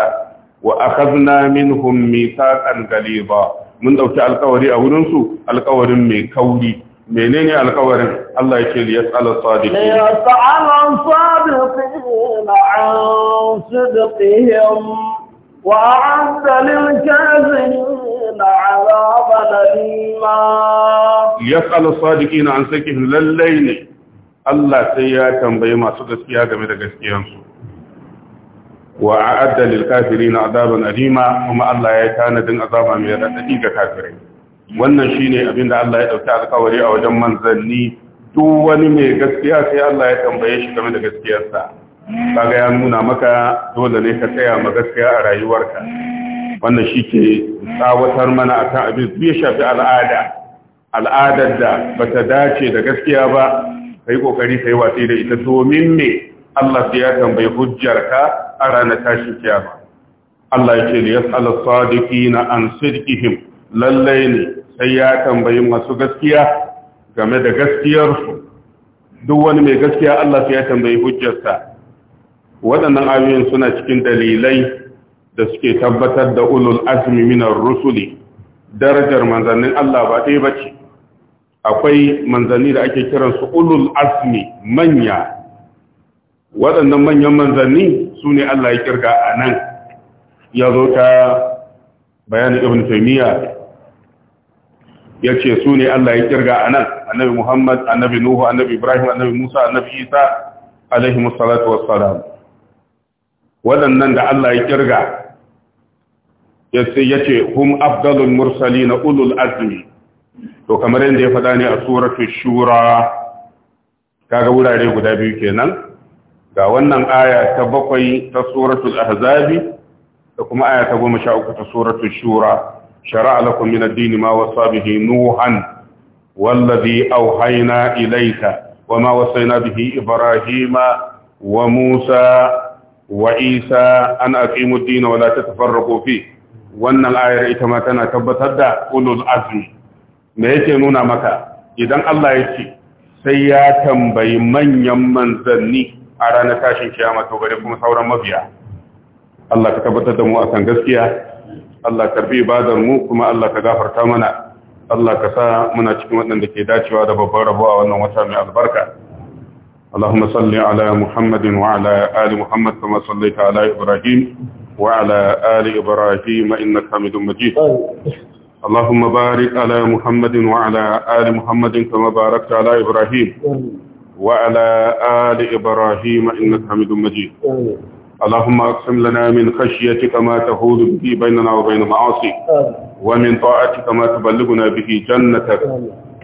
wa akhadna minhum mithaqan ghaliza mun dauki alkawari a wurin su alkawarin mai kauri menene alkawarin Allah yake li yas'ala sadiqin li yas'ala sadiqin an sidqihim وأعد للكافرين عذابا أليما يسأل الصادقين عن سكهم للليل Allah sai ya tambayi masu gaskiya game da gaskiyansu wa a'adda lil kafirina azaban alima kuma Allah ya tanadin azaba mai radadi ga kafirai wannan shine abin da Allah ya dauki alƙawari a wajen manzanni duk wani mai gaskiya sai Allah ya tambaye shi game da gaskiyarsa kaga ya nuna maka dole ne ka tsaya ma gaskiya a rayuwarka wannan shi ke tsawatar mana akan abin da shafi al'ada al'adar da bata dace da gaskiya ba kai kokari kai watsi da ita domin me Allah sai ya tambayi hujjarka a ranar tashin kiyama Allah yake li yas'al sadiqina an sidqihim lallai ne sai ya tambayi masu gaskiya game da gaskiyarsu duk wani mai gaskiya Allah sai ya tambayi hujjarsa waɗannan ayoyin suna cikin dalilai da suke tabbatar da ulul azmi minar rusuli darajar manzannin Allah ba ɗaya bace akwai manzanni da ake kiransu ulul azmi manya waɗannan manyan manzanni su ne Allah ya kirga a nan ya zo ta bayanin ibn taymiya ya ce su ne Allah ya kirga a nan annabi muhammad annabi nuhu annabi ibrahim annabi musa annabi isa alaihi salatu wassalam waɗannan da Allah ya kirga ya ce hum afdalul mursali na ulul azmi to kamar yadda ya faɗa ne a suratul shura kaga wurare guda biyu kenan ga wannan aya ta bakwai ta suratul ahzabi da kuma aya ta goma sha uku ta suratul shura shara'a lakum min ad-din ma wasa bihi nuhan wallazi awhayna ilayka wama wasayna bihi ibrahima wa musa wa isa an aqimu ad-din wa la tatafarraqu wannan ayar ita ma tana tabbatar da ulul azumi. me yake nuna maka idan Allah ya ce sai ya tambayi manyan manzanni a ranar tashin kiyama to bare kuma sauran mabiya Allah ka tabbatar da mu akan gaskiya Allah karbi ibadar mu kuma Allah ka gafarta mana Allah ka sa muna cikin waɗanda ke dacewa da babban rabo a wannan wata mai albarka اللهم صل على محمد وعلى آل محمد كما صليت على إبراهيم وعلى آل إبراهيم إنك حميد مجيد اللهم بارك على محمد وعلى آل محمد كما باركت على إبراهيم وعلى آل إبراهيم إنك حميد مجيد اللهم اقسم لنا من خشيتك ما تهود به بيننا وبين معاصيك ومن طاعتك ما تبلغنا به جنتك